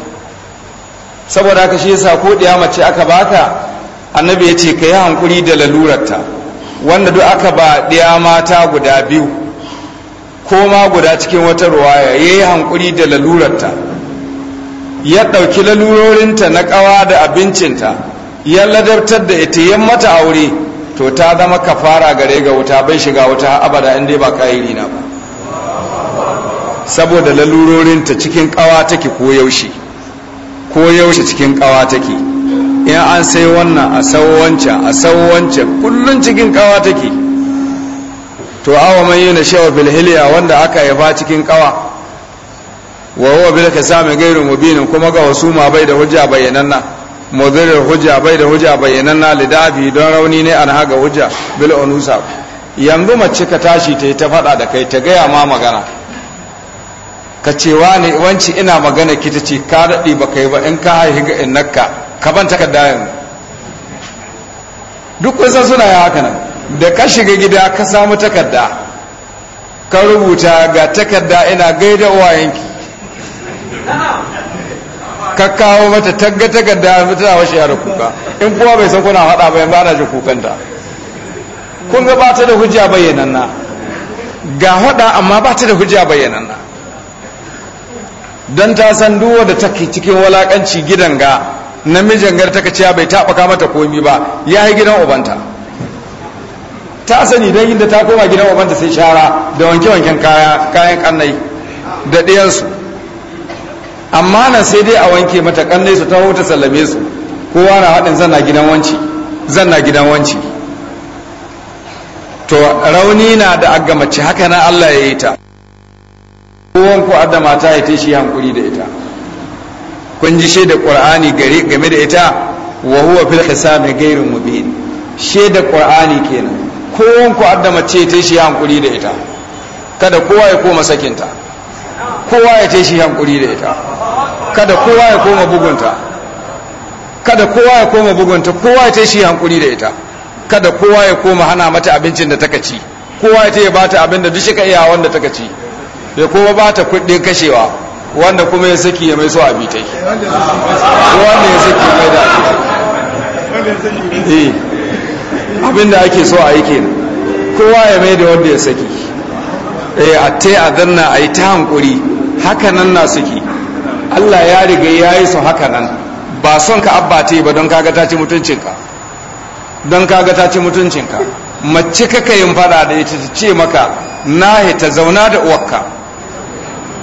saboda haka shi yasa ko diya mace aka baka annabi ya ce ka yi hankuri da lalurarta wanda duk aka ba diya mata guda biyu ko ma guda cikin wata ruwaya ya yi hankuri da lalurarta ya ɗauki lalurorinta na ƙawa da abincinta ya ladabtar da ita ya mata aure to ta zama kafara gare ga wuta bai shiga wuta abada in dai ba kayiri na ba saboda lalurorinta cikin ƙawa take ko yaushe ko cikin ƙawa take in an sai wannan a sau wancan a sau wancan kullum cikin ƙawa take to awa man yuna shawa bil hilya wanda aka yaba cikin kawa wa huwa bil kasami ghairu mubin kuma ga wasuma bai da hujja bayyananna mudirar hujja bai da hujja bayyananna lidabi don rauni ne an haga hujja bil unusa yanzu mace ka tashi ta yi ta fada da kai ta gaya ma magana ka ce wani wanci ina magana ki ta ce ka daɗi ba kai ba in ka haihu ga innaka ka ban takarda yanzu duk kusan suna yi haka nan da ka shiga gida ka samu takarda ka rubuta ga takarda ina gaida uwayenki ka kawo mata tagga takarda a washe yara kuka in kuwa bai san kuna haɗa bayan ba na ji kukanta kun ga ba ta da hujja bayyananna ga haɗa amma ba ta da hujja bayyananna don ta san duwa da take cikin walakanci gidan ga namijin gar ta ciya bai taɓa mata komi ba ya yi gidan ubanta ta sani don inda ta koma gidan wabanta sai shara da wanke-wanken kayan kannai da ɗayansu amma nan sai dai a wanke mata kannai su ta ta sallame su kowa na haɗin zanna gidan wanci zanna gidan wanci to rauni na da agamace haka na Allah ya yi ta kowan ku adda mata ya ta shi hankuri da ita kun ji shaida qur'ani game da ita wa huwa fil khisami ghayrun mubin shaida qur'ani kenan kowon ku adda mace ta shi hankuri da ita kada kowa ya koma sakinta kowa ya ta shi hankuri da ita kada kowa ya koma bugunta kada kowa ya koma bugunta kowa ya ta shi hankuri da ita kada kowa ya koma hana mata abincin da taka ci kowa ya ta ya bata abin da duk shi ka iya wanda taka ci ya kuma bata kuɗin kashewa wanda kuma ya saki ya mai so abitai wanda ya saki mai da abitai abinda ake so a yi kenan kowa ya mai da wanda ya saki eh, a ta a zanna a yi ta hankuri hakanan na suke allah ya riga ya yi su hakanan ba son ka abba ba don kaga ta mutuncinka don kaga ta ci mutuncinka mace kaka yin fada da ita ce maka na ta zauna da uwakka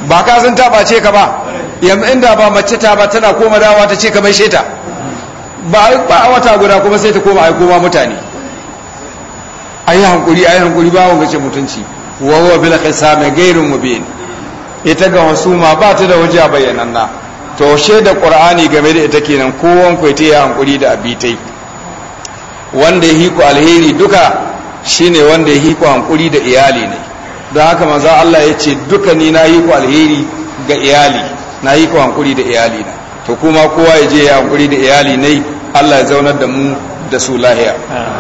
ba ka sun ta ɓace ka ba yanzu inda ba mace ta ba tana koma dawa ta ce ka mai sheta ba a wata guda kuma sai ta koma a koma mutane an yi hankuri an yi hankuri bawon ce mutunci wa huwa bil khisami ghairu mubin ita ga ma ba ta da waje a bayyananna to da ƙur'ani game da ita kenan kowan ku ta yi hankuri da abitai wanda ya hiku alheri duka shine wanda ya hiku hankuri da iyali ne don haka manzo Allah ya ce duka ni na hiku alheri ga iyali na hiku hankuri da iyali na to kuma kowa ya je ya hankuri da iyali ne Allah ya zaunar da mu da su lahiya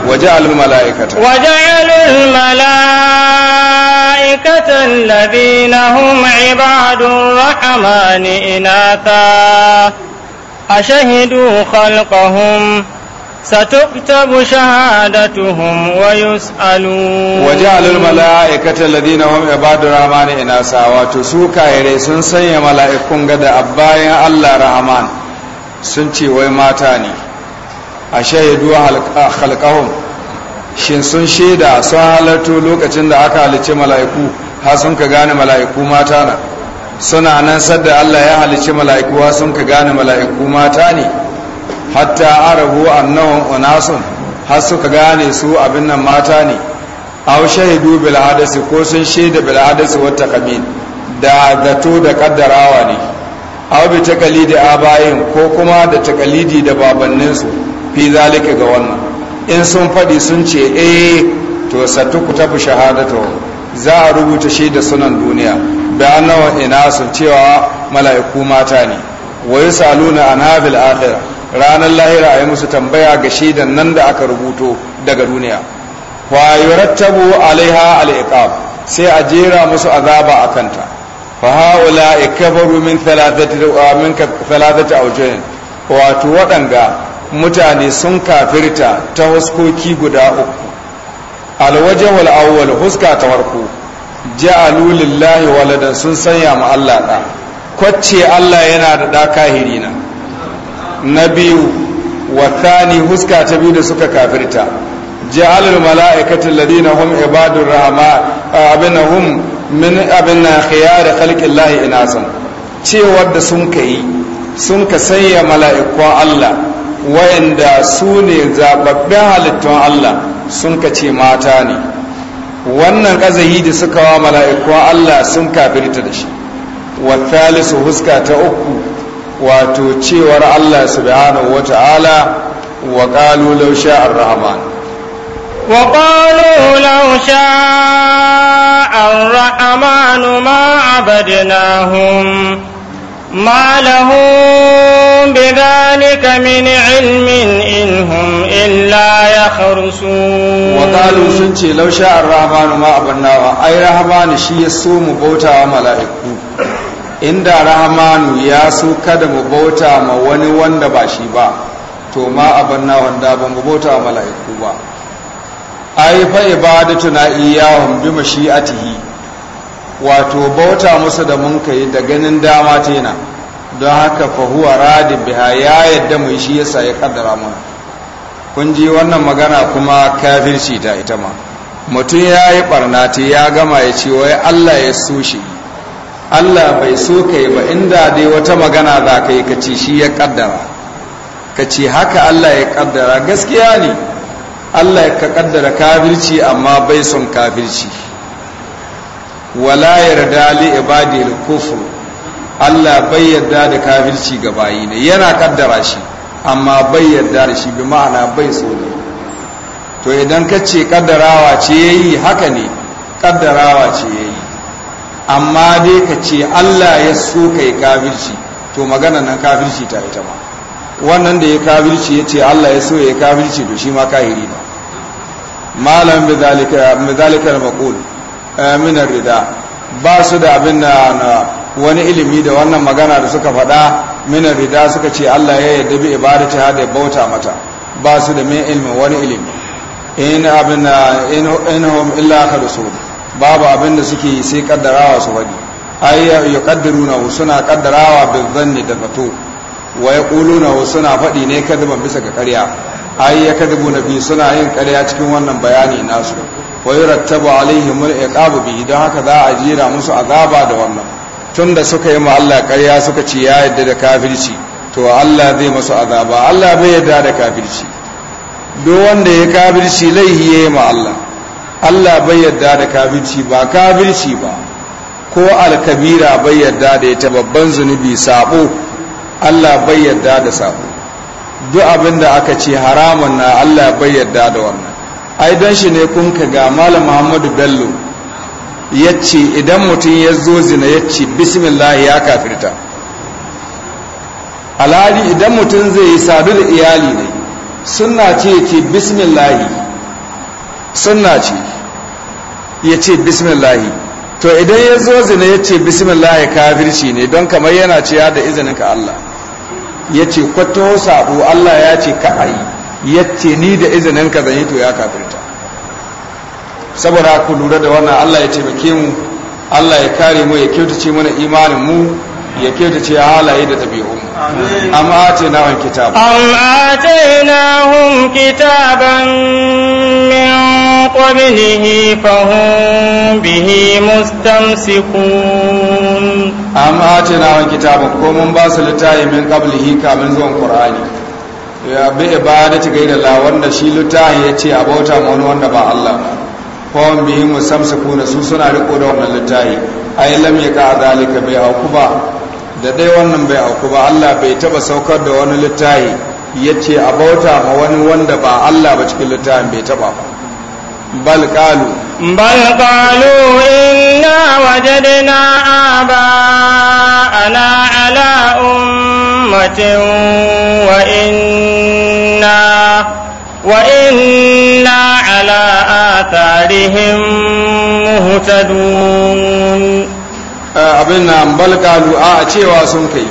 waje al-mala’ikata waje al-mala’ikatan labi na hun ibadun rahama ni a shahidu kalkahun satuktabu shahadatuhum wa yus'alu waje al-mala’ikatan labi na hun ibadun rahama ni inata su kayere sun sanya mala’ikun gada a bayan allah rahama sun ce wai mata ne a shahidu halkahun shin sun shaida sun halartu lokacin da aka halicci mala'iku har sun ka gane mala'iku mata na suna nan sadda Allah ya halicci mala'iku har sun ka gane mala'iku mata ne hatta arabu annawan unasun har suka gane su abin nan mata ne aw shaidu bil hadasi ko sun shaida bil wata wa da zato da kaddarawa ne aw bi takalidi abayin ko kuma da takalidi da babanninsu fi zalika ga wannan in sun faɗi sun ce eh to Satu ku tafi shahadato. za a rubuta shi da sunan duniya da annawa ina sun cewa mala'iku mata ne wai saluna an habil akhir ranar lahira a yi musu tambaya ga shaidan nan da aka rubuto daga duniya wa yurattabu alaiha al-iqab sai a jera musu azaba akanta fa haula ikabaru min thalathati uh, min thalathati awjuhin wato waɗanga mutane sun kafirta ta huskoki guda uku alwajawal awwal huska ta farko ja'alu lillahi waladan sun sanya ma Allah da kwacce Allah yana da da kahiri na na biyu wa tani huska ta biyu da suka kafirta ja'alul mala'ikata alladhina hum ibadur rahman abinahum min abinna khiyar khalqillahi inasan cewa da sun kai sun ka sanya mala'ikun Allah wayanda su ne zababbin halittun Allah sun kace mata ne wannan kazahi da suka wa mala’ikuwa Allah sun kafirta da shi wa thalisu huska ta uku wato cewar Allah subhanahu wata'ala wa qalu law sha'a ar-rahman wa qalu law ar-rahman ma لهم بذلك من علم إن هم إلا يخرسون وقالوا سنتي لو شاء الرحمن ما أبناه أي رحمن شي يسوم بوتا وملائكو inda rahamanu ya so kada mu bauta ma wani wanda ba shi ba to ma abanna wanda ba mu bauta wa mala'iku ba ai fa ibadatu na iyahum bi mashi'atihi wato bauta musu da mun kai da ganin dama tena. don haka fahuwa radi biha ya yadda mu shi yasa ya kaddara mana kun ji wannan magana kuma shi ta ita ma mutum ya yi barnati ya gama ya ce wai Allah ya so shi Allah bai so ka yi ba inda dai wata magana za ka yi ka shi ya kaddara ka haka Allah ya kaddara gaskiya ne Allah ya kaddara kafirci amma bai son kafirci wala yarda li ibadil kufru Allah bai yarda da kafirci ga bayi ne yana kaddara shi amma bai yarda da shi bi ma'ana bai so ne to idan ka ce kaddarawa ce yi haka ne kaddarawa ce yayi amma dai ka ce Allah ya so kai kafirci to magana nan kafirci ta ita ma wannan da ya kafirci ya ce Allah ya so ya kafirci to shi ma kahiri ne malam bi zalika bi zalika al-maqul amina eh, rida ba su da abin na wani ilimi da wannan magana da suka faɗa minar rida suka ce Allah ya yarda bi ibada ta da bauta mata ba su da min ilimin wani ilimi in abin in hum illa khalisu babu abin da suke sai kaddarawa su ya ay yuqaddiruna suna kaddarawa bil zanni da zato wa yaquluna suna faɗi ne kadiban bisa ga ƙarya ay yakadibuna nabi suna yin ƙarya cikin wannan bayani nasu wa yurattabu alaihim al-iqabu bi don haka za a jira musu azaba da wannan tunda suka yi ma Allah ƙarya suka ce ya yadda da kafirci to Allah zai masu azaba Allah bai yadda da kafirci duk wanda ya kafirci laihi ya yi ma Allah Allah bai yadda da kafirci ba kafirci ba ko alkabira bai yadda da ita babban zunubi sabo Allah bai yadda da sabo duk abin da aka ce haramun na Allah bai yadda da wannan ai don shi ne kun ka ga malam Muhammadu Bello yace idan mutum ya zo zina yacce bismillah ya kafirta alhali idan mutum zai yi sadu da iyali ne suna ce yake bismillah suna ce ya ce bismillah to idan ya zo zina yacce bismillah ya kafirci ne don kamar yana ciya da izinin ka Allah ya ce kwato sabo Allah ya ce ka ayi yace ni da izinin ka zan yi to ya kafirta saboda ku lura da wannan Allah ya taimake mu Allah ya kare mu ya kyautace mana imanin mu ya kyautace halaye da Amma ɗabi'u na atainahum kitab na atainahum kitaban min qablihi fahum bihi mustamsikun na atainahum kitaban ko mun ba su littafi min qablihi kamin zuwan qur'ani ya bi ibadati gaida la wanda shi ce yace abota mun wanda ba Allah ba kawon bihin su kuna su suna riko da wannan littayi ai lam ya ka zalika bai auku ba da dai wannan bai auku ba Allah bai taba saukar da wani littayi ya ce a bauta ma wani wanda ba Allah ba cikin littayin bai taba ba bal kalu bal qalu inna na aba ana ala ummatin wa inna وإنا على آثارهم مهتدون abin nan قالوا آتي cewa sun kai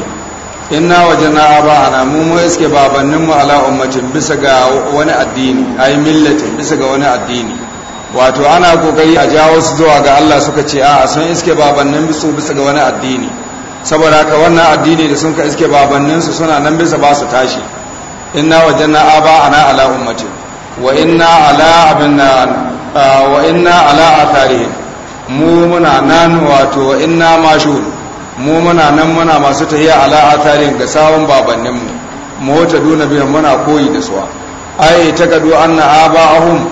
inna wajena abana mu mu iske babannin mu ala ummatin bisa ga wani addini ai millatin bisa ga wani addini wato ana kokari a jawo su zuwa ga Allah suka ce a sun iske babannin su bisa ga wani addini saboda haka wannan addini da sun ka iske babannin su suna nan bisa ba su tashi inna wajanna aba'ana ala ummati wa inna ala abinna wa inna ala atharihim mu muna nan wato wa inna mashhur mu muna nan muna masu tahiya ala atharihim ga sawun babannin mu mu wata duna biyan muna koyi da suwa ai ta gado anna aba'ahum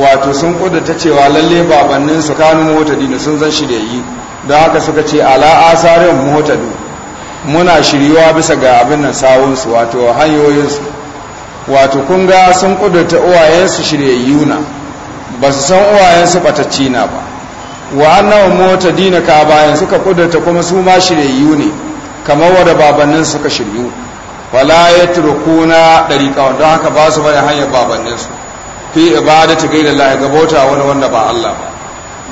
wato sun ta cewa lalle babannin su kanu mota dina sun zan yi don haka suka ce ala asarin mota duna muna shiriwa bisa ga abin nan su wato hanyoyin su. wato kun ga sun kudurta uwayensu shiryayyu na ba su san uwayensu batacci na ba wa annawa mota dina ka bayan suka kudurta kuma su ma shiryayyu ne kamar wadda babannin suka shiryu wala ya turkuna dariƙa don haka ba su bari hanyar babanninsu fi ta gaida lahi gabota wani wanda ba Allah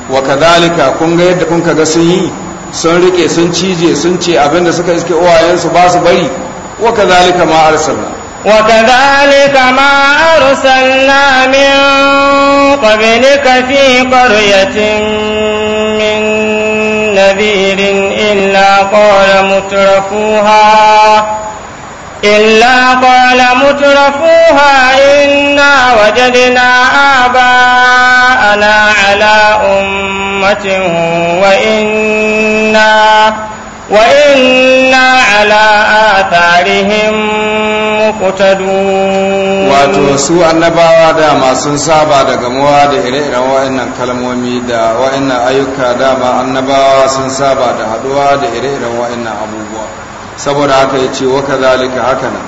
ba wa kadhalika kun ga yadda kun ga sun yi sun rike sun cije sun ce abinda suka iske uwayensu ba su bari wa kadhalika ma arsalna وكذلك ما أرسلنا من قبلك في قرية من نذير إلا قال مترفوها إلا قال مترفوها إنا وجدنا آباءنا على أمة وإنا وإنا atharihim muqtadun wato su annabawa dama sun saba da gamuwa da ire-iren wa'annan kalmomi da wa'annan ayyuka dama annabawa sun saba da haduwa da ire-iren wa'annan abubuwa saboda haka ya ce kazalika zalika haka nan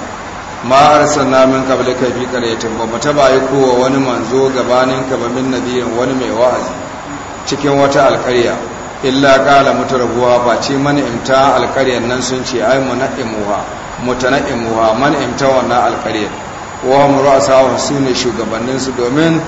ma arsalna min qablika fi qaryatin ba mu taba kowa wani manzo gabanin ka ba min nabiyin wani mai wa'azi cikin wata alƙarya illa kala rabuwa ba ce mana'imta alƙaryar nan sun ce ai muna'imuwa mutana'imuwa mana'imta wannan alƙaryar wa mura'asawa su ne shugabanninsu domin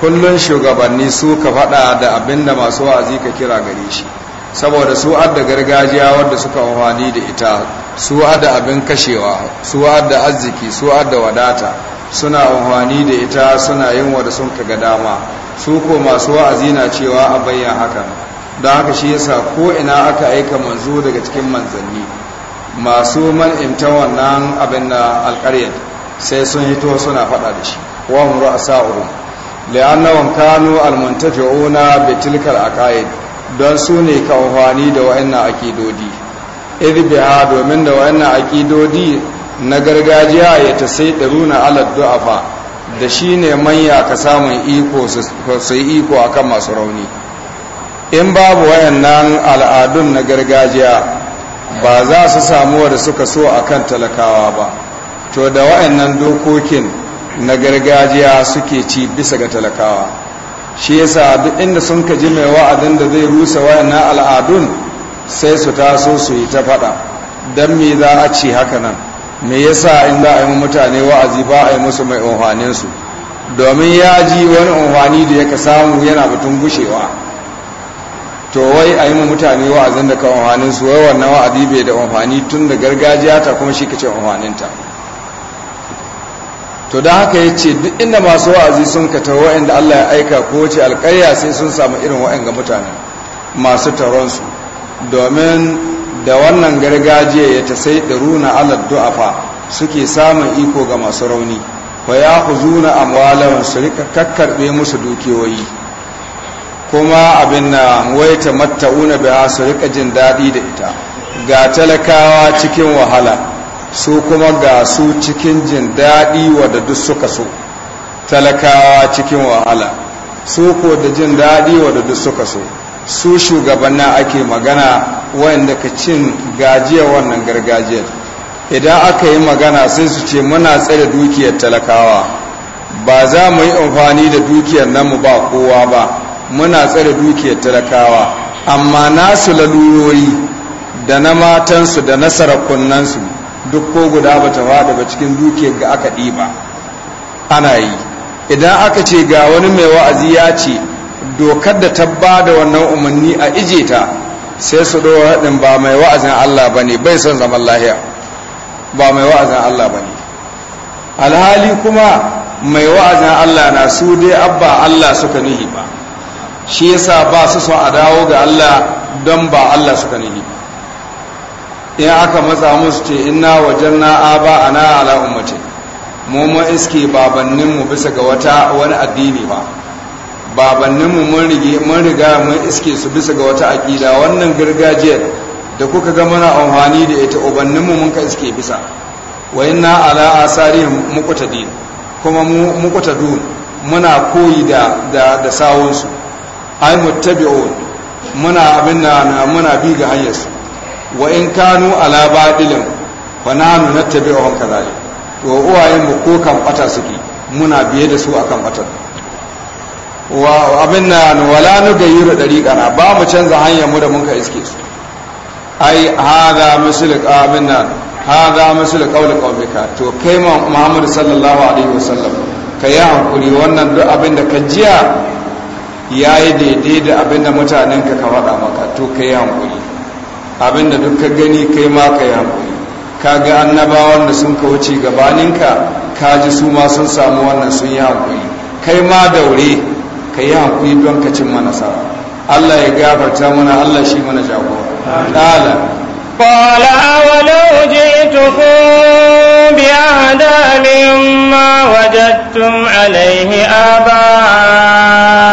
kullun shugabanni su ka faɗa da abinda masu wa'azi ka kira gare shi saboda su adda gargajiya wadda suka wani da ita su adda abin kashewa su adda arziki su adda wadata suna wani da ita suna yin wadda sun ka ga dama su ko masu wa'azi na cewa a bayyana hakan don haka shi yasa ko ina aka aika manzo daga cikin manzanni masu man'imta wannan abin na alƙaryar sai sun hito suna fada da shi wa muru kano sa'uru li'annawan kanu almuntafi'una a aqaid don su ne kamfani da wa'annan akidodi idbiha domin da wa'annan akidodi na gargajiya ya ta sai na alad du'afa da shi ne manya ka samun iko su yi iko akan masu rauni in babu wayannan al'adun na gargajiya ba za su samu da suka so a kan talakawa ba to da wayannan dokokin na gargajiya suke ci bisa ga talakawa shi yasa duk inda sun ji mai wa'adin da zai rusa wayannan al'adun sai su taso su yi ta fada don me za a ci haka nan me yasa in za a yi mutane wa'azi ba a yi musu mai unhwaninsu domin ya ji wani unhwani da yaka samu yana batun gushewa to wai a yi mu mutane wa'azin da ka amfanin su wai wannan wa'azi bai da amfani tun da gargajiya ta kuma shi ka ce amfanin ta to da haka yace duk inda masu wa'azi sun ka tawo inda Allah ya aika ko wace alƙarya sai sun samu irin wa'anga mutane masu taron su domin da wannan gargajiya ya ta sai da runa alad fa suke samun iko ga masu rauni fa ya huzuna amwalan su rika kakkarbe musu dukiyoyi kuma abin na wai ta matta'una biya su rika jin daɗi da ita ga talakawa cikin wahala su kuma ga su cikin jin daɗi wadda duk suka so talakawa cikin wahala su ko da jin daɗi wadda duk suka so su shugabannin ake magana wayanda ka cin gajiya wannan gargajiyar idan aka yi magana sai su ce muna tsere dukiyar talakawa ba za mu yi amfani da dukiyar nan mu ba kowa ba muna tsare dukiyar talakawa amma nasu laluyoyi da na matansu da na sarakunansu duk ko guda ba ta fada ba cikin dukiyar ga aka ɗi ba ana yi idan aka ce ga wani mai wa'azi ya ce dokar da ta ba da wannan umarni a ije ta sai su ɗora haɗin ba mai wa'azin Allah ba ne bai son zaman lahiya ba mai wa'azin Allah ba ne alhali kuma mai wa'azin Allah na su dai abba Allah suka nihi ba shi yasa ba su son a dawo ga Allah don ba Allah suka nihi in aka matsa musu ce wajen na'a ba a ala ummati mu mun iske babanninmu mu bisa ga wata wani addini ba babanninmu mu mun rige mun riga mun iske su bisa ga wata aƙida wannan gargajiyar da kuka ga mana amfani da ita ubanninmu mu mun ka iske bisa wa inna ala asarihim din kuma mu muqtadun muna koyi da da, da sawunsu ai muttabi'un muna abin na muna bi ga hanyar wa in kanu ala badilin fa nanu nattabi'uhum kadhalik to uwaye mu ko kan bata suke muna biye da su akan bata wa abin na wala nu gayyura dariqana ba mu canza hanyar mu da mun ka iske su ai hada misal abin na hada misal qawl qawmika to kai Muhammad sallallahu alaihi wasallam kai hankuri wannan duk abin da ka jiya ya yi daidai da abinda da mutanen ka ka faɗa maka to ka yi hankuri abin da duk gani kai ma ka yi hankuri ka ga annabawan da sun ka wuce gabaninka ka ji su ma sun samu wannan sun yi hankuri kai ma daure ka yi hankuri don ka cimma nasara Allah ya gafarta mana Allah shi mana jagora dala قال ولو جئتكم مما وجدتم عليه آباءكم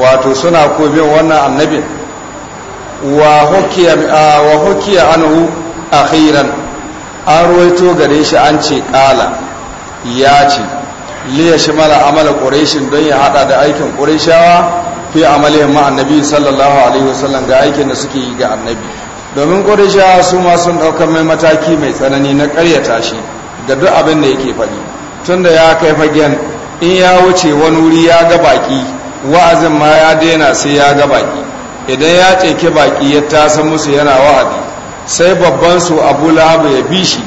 wato suna kobin wannan annabin wa hukiya anhu akhiran an ruwaito gare shi an ce kala ya ce liya shi mala amala ƙureshin don ya hada da aikin ƙureshawa fi amalin ma annabi sallallahu alaihi wasallam ga aikin da suke yi ga annabi domin ƙureshawa su ma sun ɗaukar mai mataki mai tsanani na ƙaryata shi ga duk abin da yake faɗi tunda ya kai fagen in ya wuce wani wuri ya ga baki wa'azin ma ya daina sai ya ga baki idan ya ceke baki ya tasa musu yana wa'azi sai babban su abu labu ya bi shi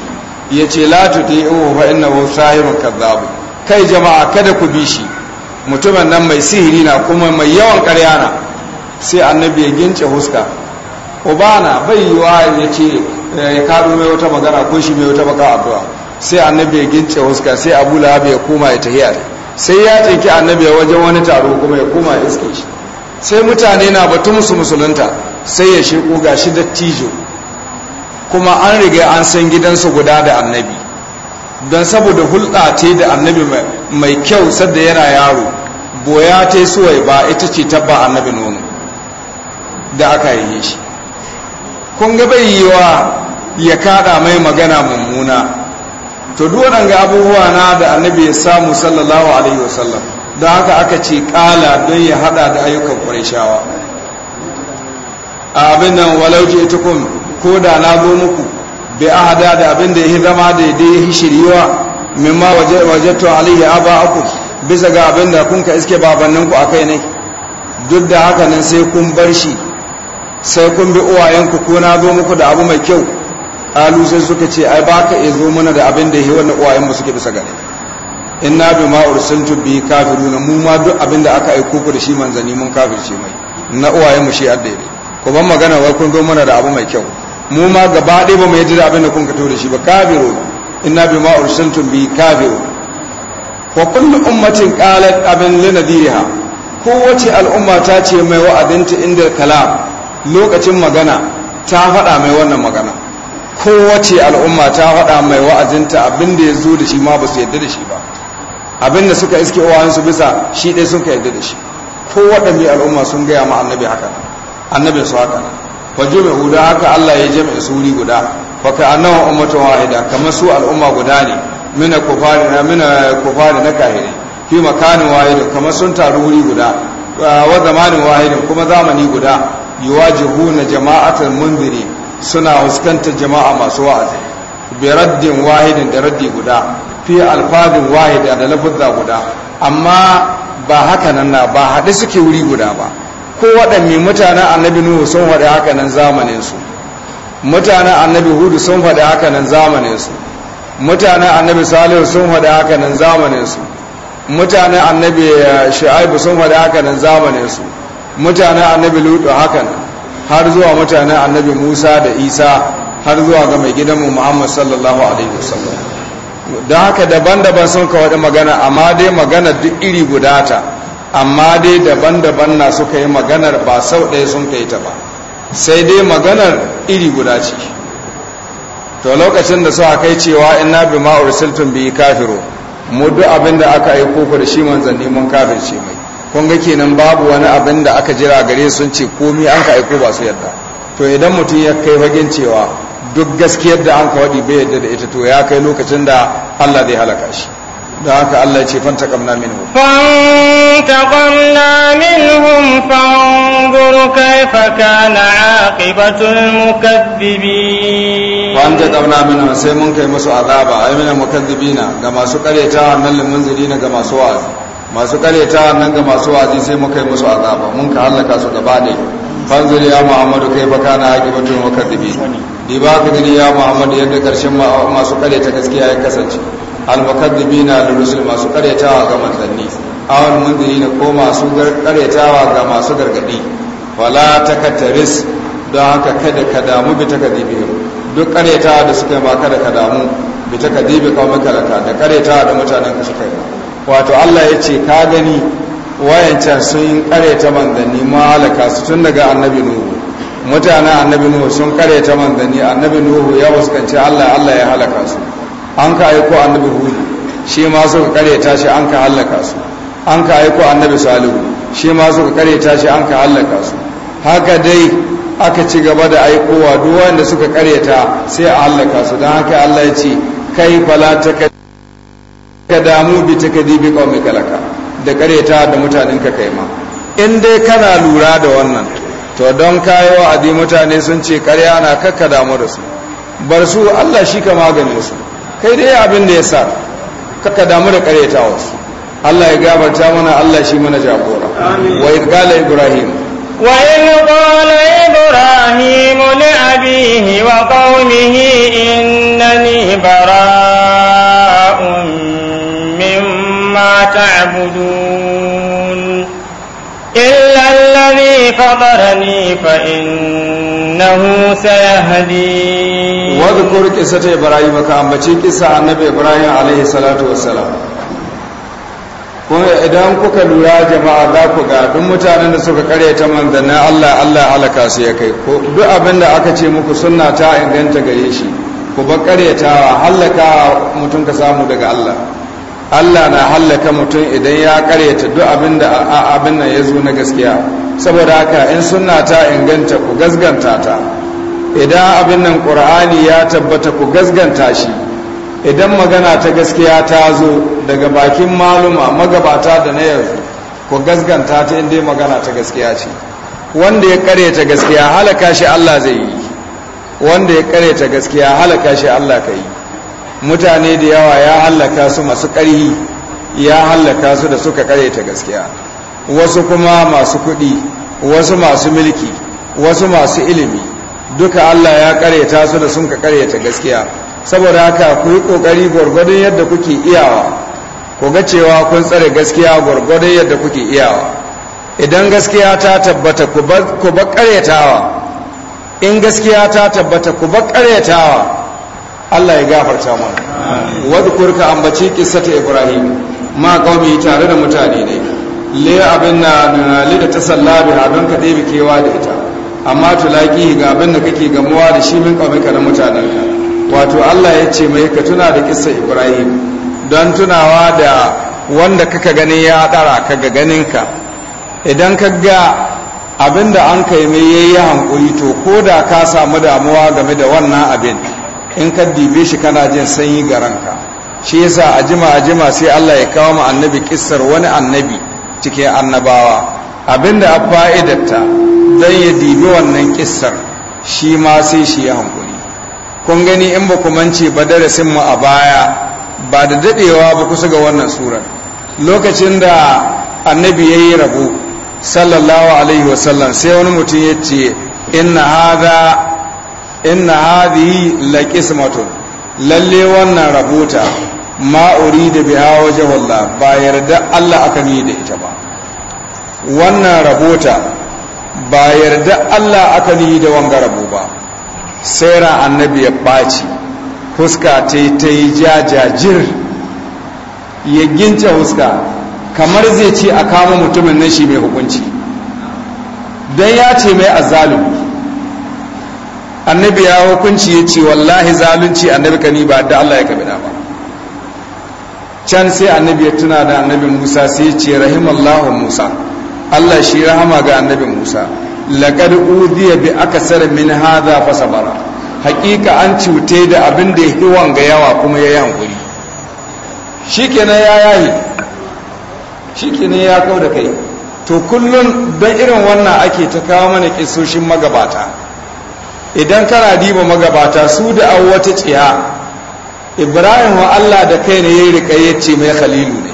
ya ce latu ta yi fa inna hu sahirun kazzabu kai jama'a kada ku bi shi mutumin nan mai sihiri na kuma mai yawan karya na sai annabi ya gince huska ubana bai wa ya ce ya eh, kaɗo mai wata magana ko shi mai wata baka addu'a sai annabi ya gince huska sai abu labu ya koma ya tahiya sai ya tsinki annabi a wajen wani taro kuma ya koma iske shi sai mutane na batu musu musulunta sai ya shiko ga shi dattijo kuma an riga an san gidansu guda da annabi don saboda hulɗa ce da annabi mai kyau sadda yana yaro boya ta suwai ba ita ce tabba annabi nono da aka yi shi kun ga bai wa ya kada mai magana mummuna to duk ga abubuwa na da annabi ya samu sallallahu alaihi wasallam don haka aka ce ƙala don ya haɗa da ayyukan ƙwarishawa a abin nan walau ita kun ko da na zo muku bi ahada da abin da ya zama daidai ya shiriwa mimma wajattu alaihi aba aku bisa ga abinda da kun ka iske babanninku a kai ne duk da haka nan sai kun bar shi sai kun bi uwayenku ko na zo muku da abu mai kyau alu sai suka ce ai ba ka zo mana da abin da ya yi wannan uwayen ba suke bisa gare inna bi ma ursiltu bi kafiruna mu ma duk abin da aka aiko ku da shi manzani mun kafirce mai na uwayen mu shi addai ko ban magana wai kun zo mana da abu mai kyau mu ma gaba ɗaya ba mu yadda da abin da kun ka da shi ba in inna bi ma ursiltu bi kafiru wa kullu ummatin qalat abin linadiriha kowace al'umma ta ce mai wa'adinta inda kalam lokacin magana ta faɗa mai wannan magana kowace al'umma ta faɗa mai wa'azinta abinda ya zo da shi ma ba su yadda da shi ba abinda suka iske wayansu bisa shi ɗai suka yadda da shi ko waɗanne al'umma sun gaya ma annabi haka annabi su haka fa jami'a huda haka Allah ya jami'a suri guda fa ka annahu ummatun wahida kamar su al'umma guda ne mina kufari na mina kufari na kahiri fi makanin wahidin kamar sun taru wuri guda wa zamanin wahidin kuma zamani guda yuwajihuna jama'atan mundiri. suna huskantar jama'a masu wa'azi bi raddin wahidin da raddi guda fi alfadin wahid da lafuzza guda amma ba haka nan na ba haɗe suke wuri guda ba ko waɗanne mutanen annabi nuhu sun faɗi haka nan zamanin su mutanen annabi hudu sun faɗi haka nan zamanin su mutanen annabi salihu sun faɗi haka nan zamanin su mutanen annabi eh, shu'aibu sun faɗi haka nan zamanin su mutanen annabi lutu haka nan har zuwa mutanen annabi musa da isa har zuwa ga mai gidanmu muhammad sallallahu alaihi wasallam da haka daban-daban sun ka waɗi magana amma dai magana duk iri guda ta amma dai daban-daban na suka yi maganar ba sau ɗaya sun ka yi ta ba sai dai maganar iri guda ce to lokacin da suka kai cewa inna bi ma'ur siltun bi kafiro mu duk abin da aka aiko ku da shi manzanni mun kafirce mai kun kenan babu wani abin da aka jira gare sun ce komi an ka aiko ba su yadda to idan mutum ya kai fagen cewa duk gaskiyar da an ka waɗi bai yadda da ita to ya kai lokacin da Allah zai halaka shi da haka Allah ya ce fanta kamna minhum fantaqamna minhum fanzur kayfa kana aqibatul mukaththibin min minhum sai mun kai musu azaba a ay minal na ga masu kareta annal na ga masu wa'azi masu karyata nan ga masu waje sai muka yi musu azaba mun ka halaka su gaba ne fanzuri ya muhammadu kai fa kana hakimatun mukaddibi di ba ka gani ya muhammadu yadda karshen masu karyata gaskiya ya kasance al na lil rusul masu karyatawa ga manzanni awon munziri ne ko masu karyatawa ga masu gargadi wala kataris don haka kada ka damu bi takadibihim duk karyatawa da suka yi ba kada ka damu bi takadibi kawai laka da karyatawa da mutanen ka suka yi wato Allah ya ce ka gani wayancan sun ta manzanni ma halaka su tun daga annabi nuhu mutanen annabi nuhu sun ta manzanni annabi nuhu ya fuskanci Allah Allah ya halaka su an ka aiko annabi hudu shi ma suka karyata shi an ka halaka su an ka aiko annabi salihu shi ma suka karyata shi an ka halaka su haka dai aka ci gaba da aikowa duk wanda suka ta sai a halaka su don haka Allah ya ce kai fala ta ka damu bi bi kawai kalaka da kareta da mutanen ka kai ma in dai kana lura da wannan to don kayo di mutane sun ce karya na kakka damu da su bar su Allah shi ka magani su kai dai abin da ya sa kakka damu da kareta wasu Allah ya gabarta mana Allah shi mana jagora wa gala ibrahim وإذ قال إبراهيم لأبيه وقومه إنني براء ما تعبدون إلا الذي فطرني فإنه سيهدين واذكر قصة إبراهيم كأمبتي قصة النبي إبراهيم عليه الصلاة والسلام kuma idan kuka lura jama'a za ku ga duk mutanen da suka karyata manzannin Allah Allah halaka su ya kai ko duk abin da aka ce muku sunna ta inganta gare shi ku ba karyatawa halaka mutum ka samu daga Allah Allah na hallaka mutum idan ya karyata duk abin da abin nan ya zo na gaskiya saboda haka in sunna ta inganta ku gasganta ta idan abin nan qur'ani ya tabbata ku gasganta shi idan magana ta gaskiya ta zo daga bakin maluma magabata da na yanzu ku gasganta ta inda magana ta gaskiya ce wanda ya karyata gaskiya halaka shi Allah zai yi wanda ya karyata gaskiya halaka shi Allah ka yi mutane da yawa ya hallaka su masu ƙarhi ya hallaka su da suka ta gaskiya wasu kuma masu kuɗi wasu masu milki wasu masu ilimi duka Allah ya ƙareta su da sun ka ta gaskiya saboda haka ku yi ƙoƙari gwargwadon yadda kuke iyawa ku ga cewa kun tsare gaskiya gwargwadon yadda kuke iyawa idan gaskiya ta tabbata ku ba ƙaryatawa in gaskiya ta tabbata ku ba ƙaryatawa Allah ya gafarta mana an ka ambaci ta Ibrahim ma qaumi tare da mutane ne le abin na nunali da tasalla bi abin ka dai bikewa da ita amma tulaki ga abin da kake gamuwa da shi min ka da mutanenka wato Allah ya ce mai ka tuna da kisa Ibrahim don tunawa da wanda kaka gani ya dara ka ga ganinka idan ka ga abin da an kai mai yayi hankuri to ko da ka samu damuwa game da wannan abin in ka dibe shi kana jin sanyi ga ranka shi yasa a jima a jima sai Allah ya kawo mu annabi kissar wani annabi cikin annabawa abinda a fa'idarta don ya dibi wannan kissar shi ma sai shi ya hankuli kun gani in ba ku mance ba darasin mu a baya ba da dadewa ba kusa ga wannan surar lokacin da annabi ya yi rabo sallallahu alaihi wasallam sai wani mutum ya ce inna hada inna hadhihi la qismatun lalle wannan rabota ma urida biha walla ba yarda Allah aka ni da ita ba wannan rabota ba yarda Allah aka ni da wanga rabu ba sai ran annabi ya baci fuska ta ta yi jajajir ya gince fuska kamar zai ce a kama mutumin nan shi mai hukunci don ya ce mai azalumi annabi ya hukunci ya ce wallahi zalunci annabi kani ba da Allah ya kabi ba can sai annabi ya tuna da annabi Musa sai ya ce rahim rahimallahu Musa Allah shi rahama ga annabi Musa laqad udiya bi akasar min hadha bara. hakika an cute da abin da yake wanga yawa kuma ya yi hankuri shikenan ya yayi shikenan ya kau da kai to kullum don irin wannan ake ta kawo mana kisoshin magabata idan kana diba magabata su da an wata tsiya ibrahim wa allah da kai ne ya rika ya ce mai khalilu ne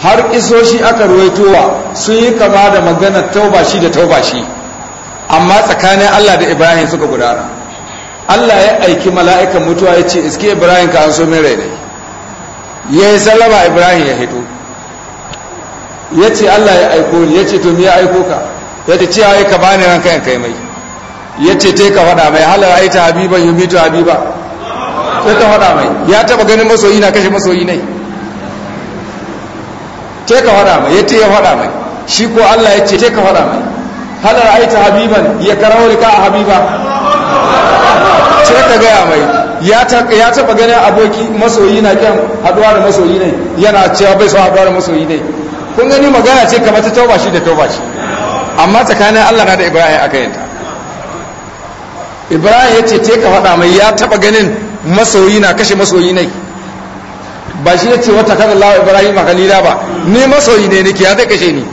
har shi aka ruwaitowa sun yi kama da maganar taubashi da taubashi amma tsakanin allah da ibrahim suka gudana allah ya aiki mala'ikan mutuwa ya ce iske ibrahim ka an so mai rai ya yi sallama ibrahim ya hito ya ce allah ya aiko ni ya ce to ya aiko ka ya ce cewa ya ka ne ranka yankai mai ya ce te ka faɗa mai halar aita habiban yumitu habiba sai ka faɗa mai ya taɓa ganin masoyi na kashe masoyi ne te ka faɗa mai ya ce ya faɗa mai shi ko Allah ya ce te ka faɗa mai halar aita habiban ya karawo ka a habiba ce ka gaya mai ya taɓa ganin aboki masoyi na kyan haɗuwa da masoyi ne yana cewa bai so haɗuwa da masoyi ne kun gani magana ce kamar ta tauba shi da tauba shi amma tsakanin Allah na da Ibrahim aka yanta ibrahim ya ce te ka faɗa mai ya taɓa ganin masoyi na kashe masoyi ne ba shi ya ce wata kan Allah ibrahim a kalila ba ni masoyi ne nake ya ta kashe ni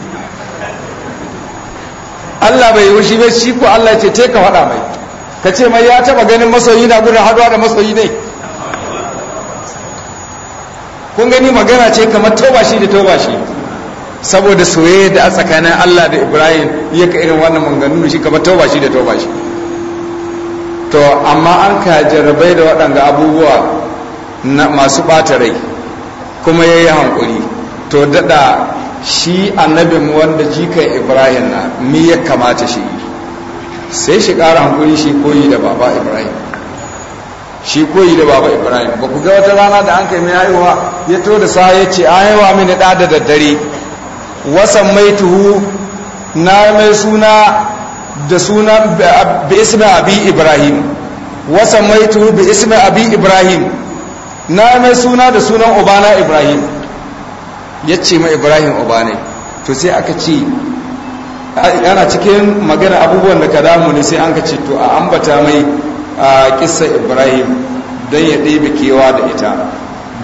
Allah bai yi shi bai shi ko Allah ya ce te ka faɗa mai ka ce mai ya taɓa ganin masoyi na gudun haɗuwa da masoyi ne kun gani magana ce kamar toba shi da toba shi saboda soyayya da a tsakanin Allah da Ibrahim ya ka irin wannan maganganu shi kamar toba shi da toba shi to amma an ka jarrabai da waɗanda abubuwa masu ɓata rai kuma ya yi hankuri to daɗa shi annabin wanda jikan ibrahim na mi ya kamata shi sai shi ƙara hankuri shi koyi da baba ibrahim shi koyi da baba ibrahim ba ku ga wata rana da an kai mai haihuwa ya to da sa ya ce an haihuwa mini ɗa da daddare wasan mai tuhu na mai suna da suna bi isma abi ibrahim wasa maitu bi isma abi ibrahim na mai suna da sunan ubana ibrahim ya ce ma ibrahim ubane to sai aka ce yana cikin magana abubuwan da ka damu ne sai an ka ce to a ambata mai a kissa ibrahim don ya ɗebe kewa da ita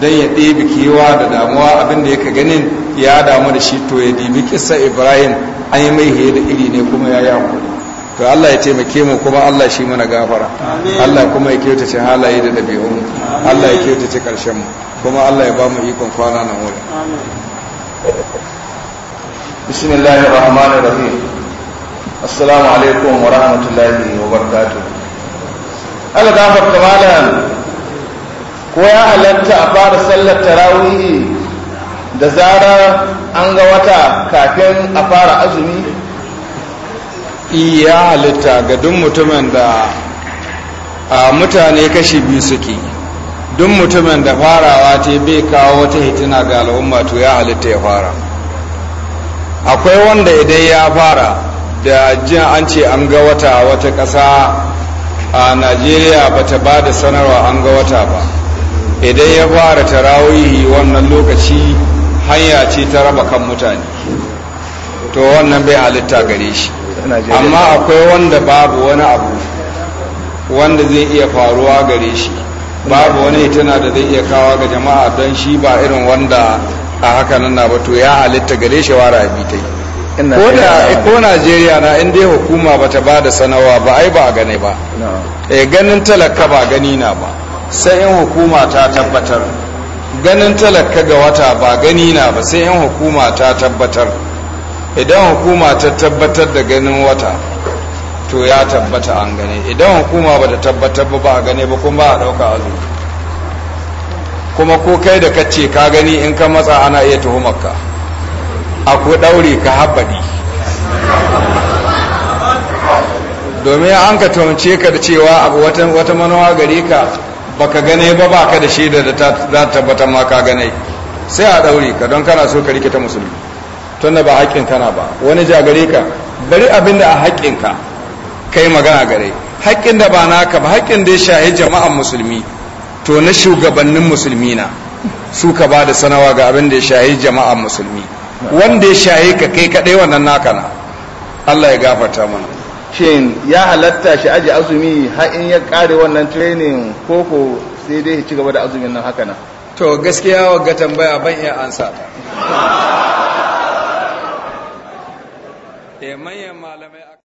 don ya ɗebe kewa da damuwa abinda ya ka ganin ya damu da shi to ya ɗebe kisa ibrahim an yi mai da iri ne kuma ya yi hankali to Allah ya taimake mu kuma Allah shi mana gafara Allah kuma ya kyautace halaye da dabi'un Allah ya kyautace karshen mu kuma Allah ya ba mu ikon kwana nan wuri bismillahir rahmanir rahim assalamu alaikum wa rahmatullahi wa barakatuh Allah gafarta malam ko ya halatta a fara sallar tarawih da zarar an ga wata kafin a fara azumi ya halitta ga duk mutumin da a mutane kashi biyu suke duk mutumin da farawa ta bai kawo wata hitina ga al'umma to ya halitta ya fara akwai wanda idan ya fara da jin an ce an ga wata wata kasa a najeriya ba ta ba da sanarwa an ga wata ba idan ya fara tarawihi wannan lokaci hanya ce ta raba kan mutane to wannan bai halitta gare shi amma akwai wanda babu wani abu wanda zai iya faruwa gare shi babu wani tana da zai iya kawo ga jama'a don shi ba irin wanda a haka nan na ba to ya halitta gare shi wara ta yi. ko najeriya na inda ya hukuma ba ta ba da sanawa ba ai ba a gane ba eh, ganin talaka ba gani na ba sai in hukuma ta tabbatar ganin talaka ga wata ba gani na ba sai in hukuma ta tabbatar idan hukuma ta tabbatar da ganin wata to ya tabbata an gane idan hukuma ba ta tabbatar ba ba a gane ba kuma ba a ɗauka azumi kuma ko kai da kace ka gani in ka matsa ana iya tuhumarka akwai ɗauri ka haɓaɗi domin an ka tuhumce ka da cewa abu wata manowa gare ka baka gane ba ba ka da shaida da za ta tabbatar ma ka gane sai a ɗauri ka don kana so ka rikita musulmi tunda ba haƙƙin na ba wani ja gare ka bari abin da a haƙƙin ka kai magana gare haƙƙin da ba naka ba haƙƙin da ya shahi jama'an musulmi to na shugabannin musulmi na su ka ba da sanawa ga abin da ya shahi jama'an musulmi wanda ya shahi ka kai kaɗai wannan naka na Allah ya gafarta mana shin ya halatta shi aji azumi har in ya kare wannan training koko sai dai ci gaba da azumin nan haka na. to gaskiya ga tambaya ban iya ansa ta taimayyar malamai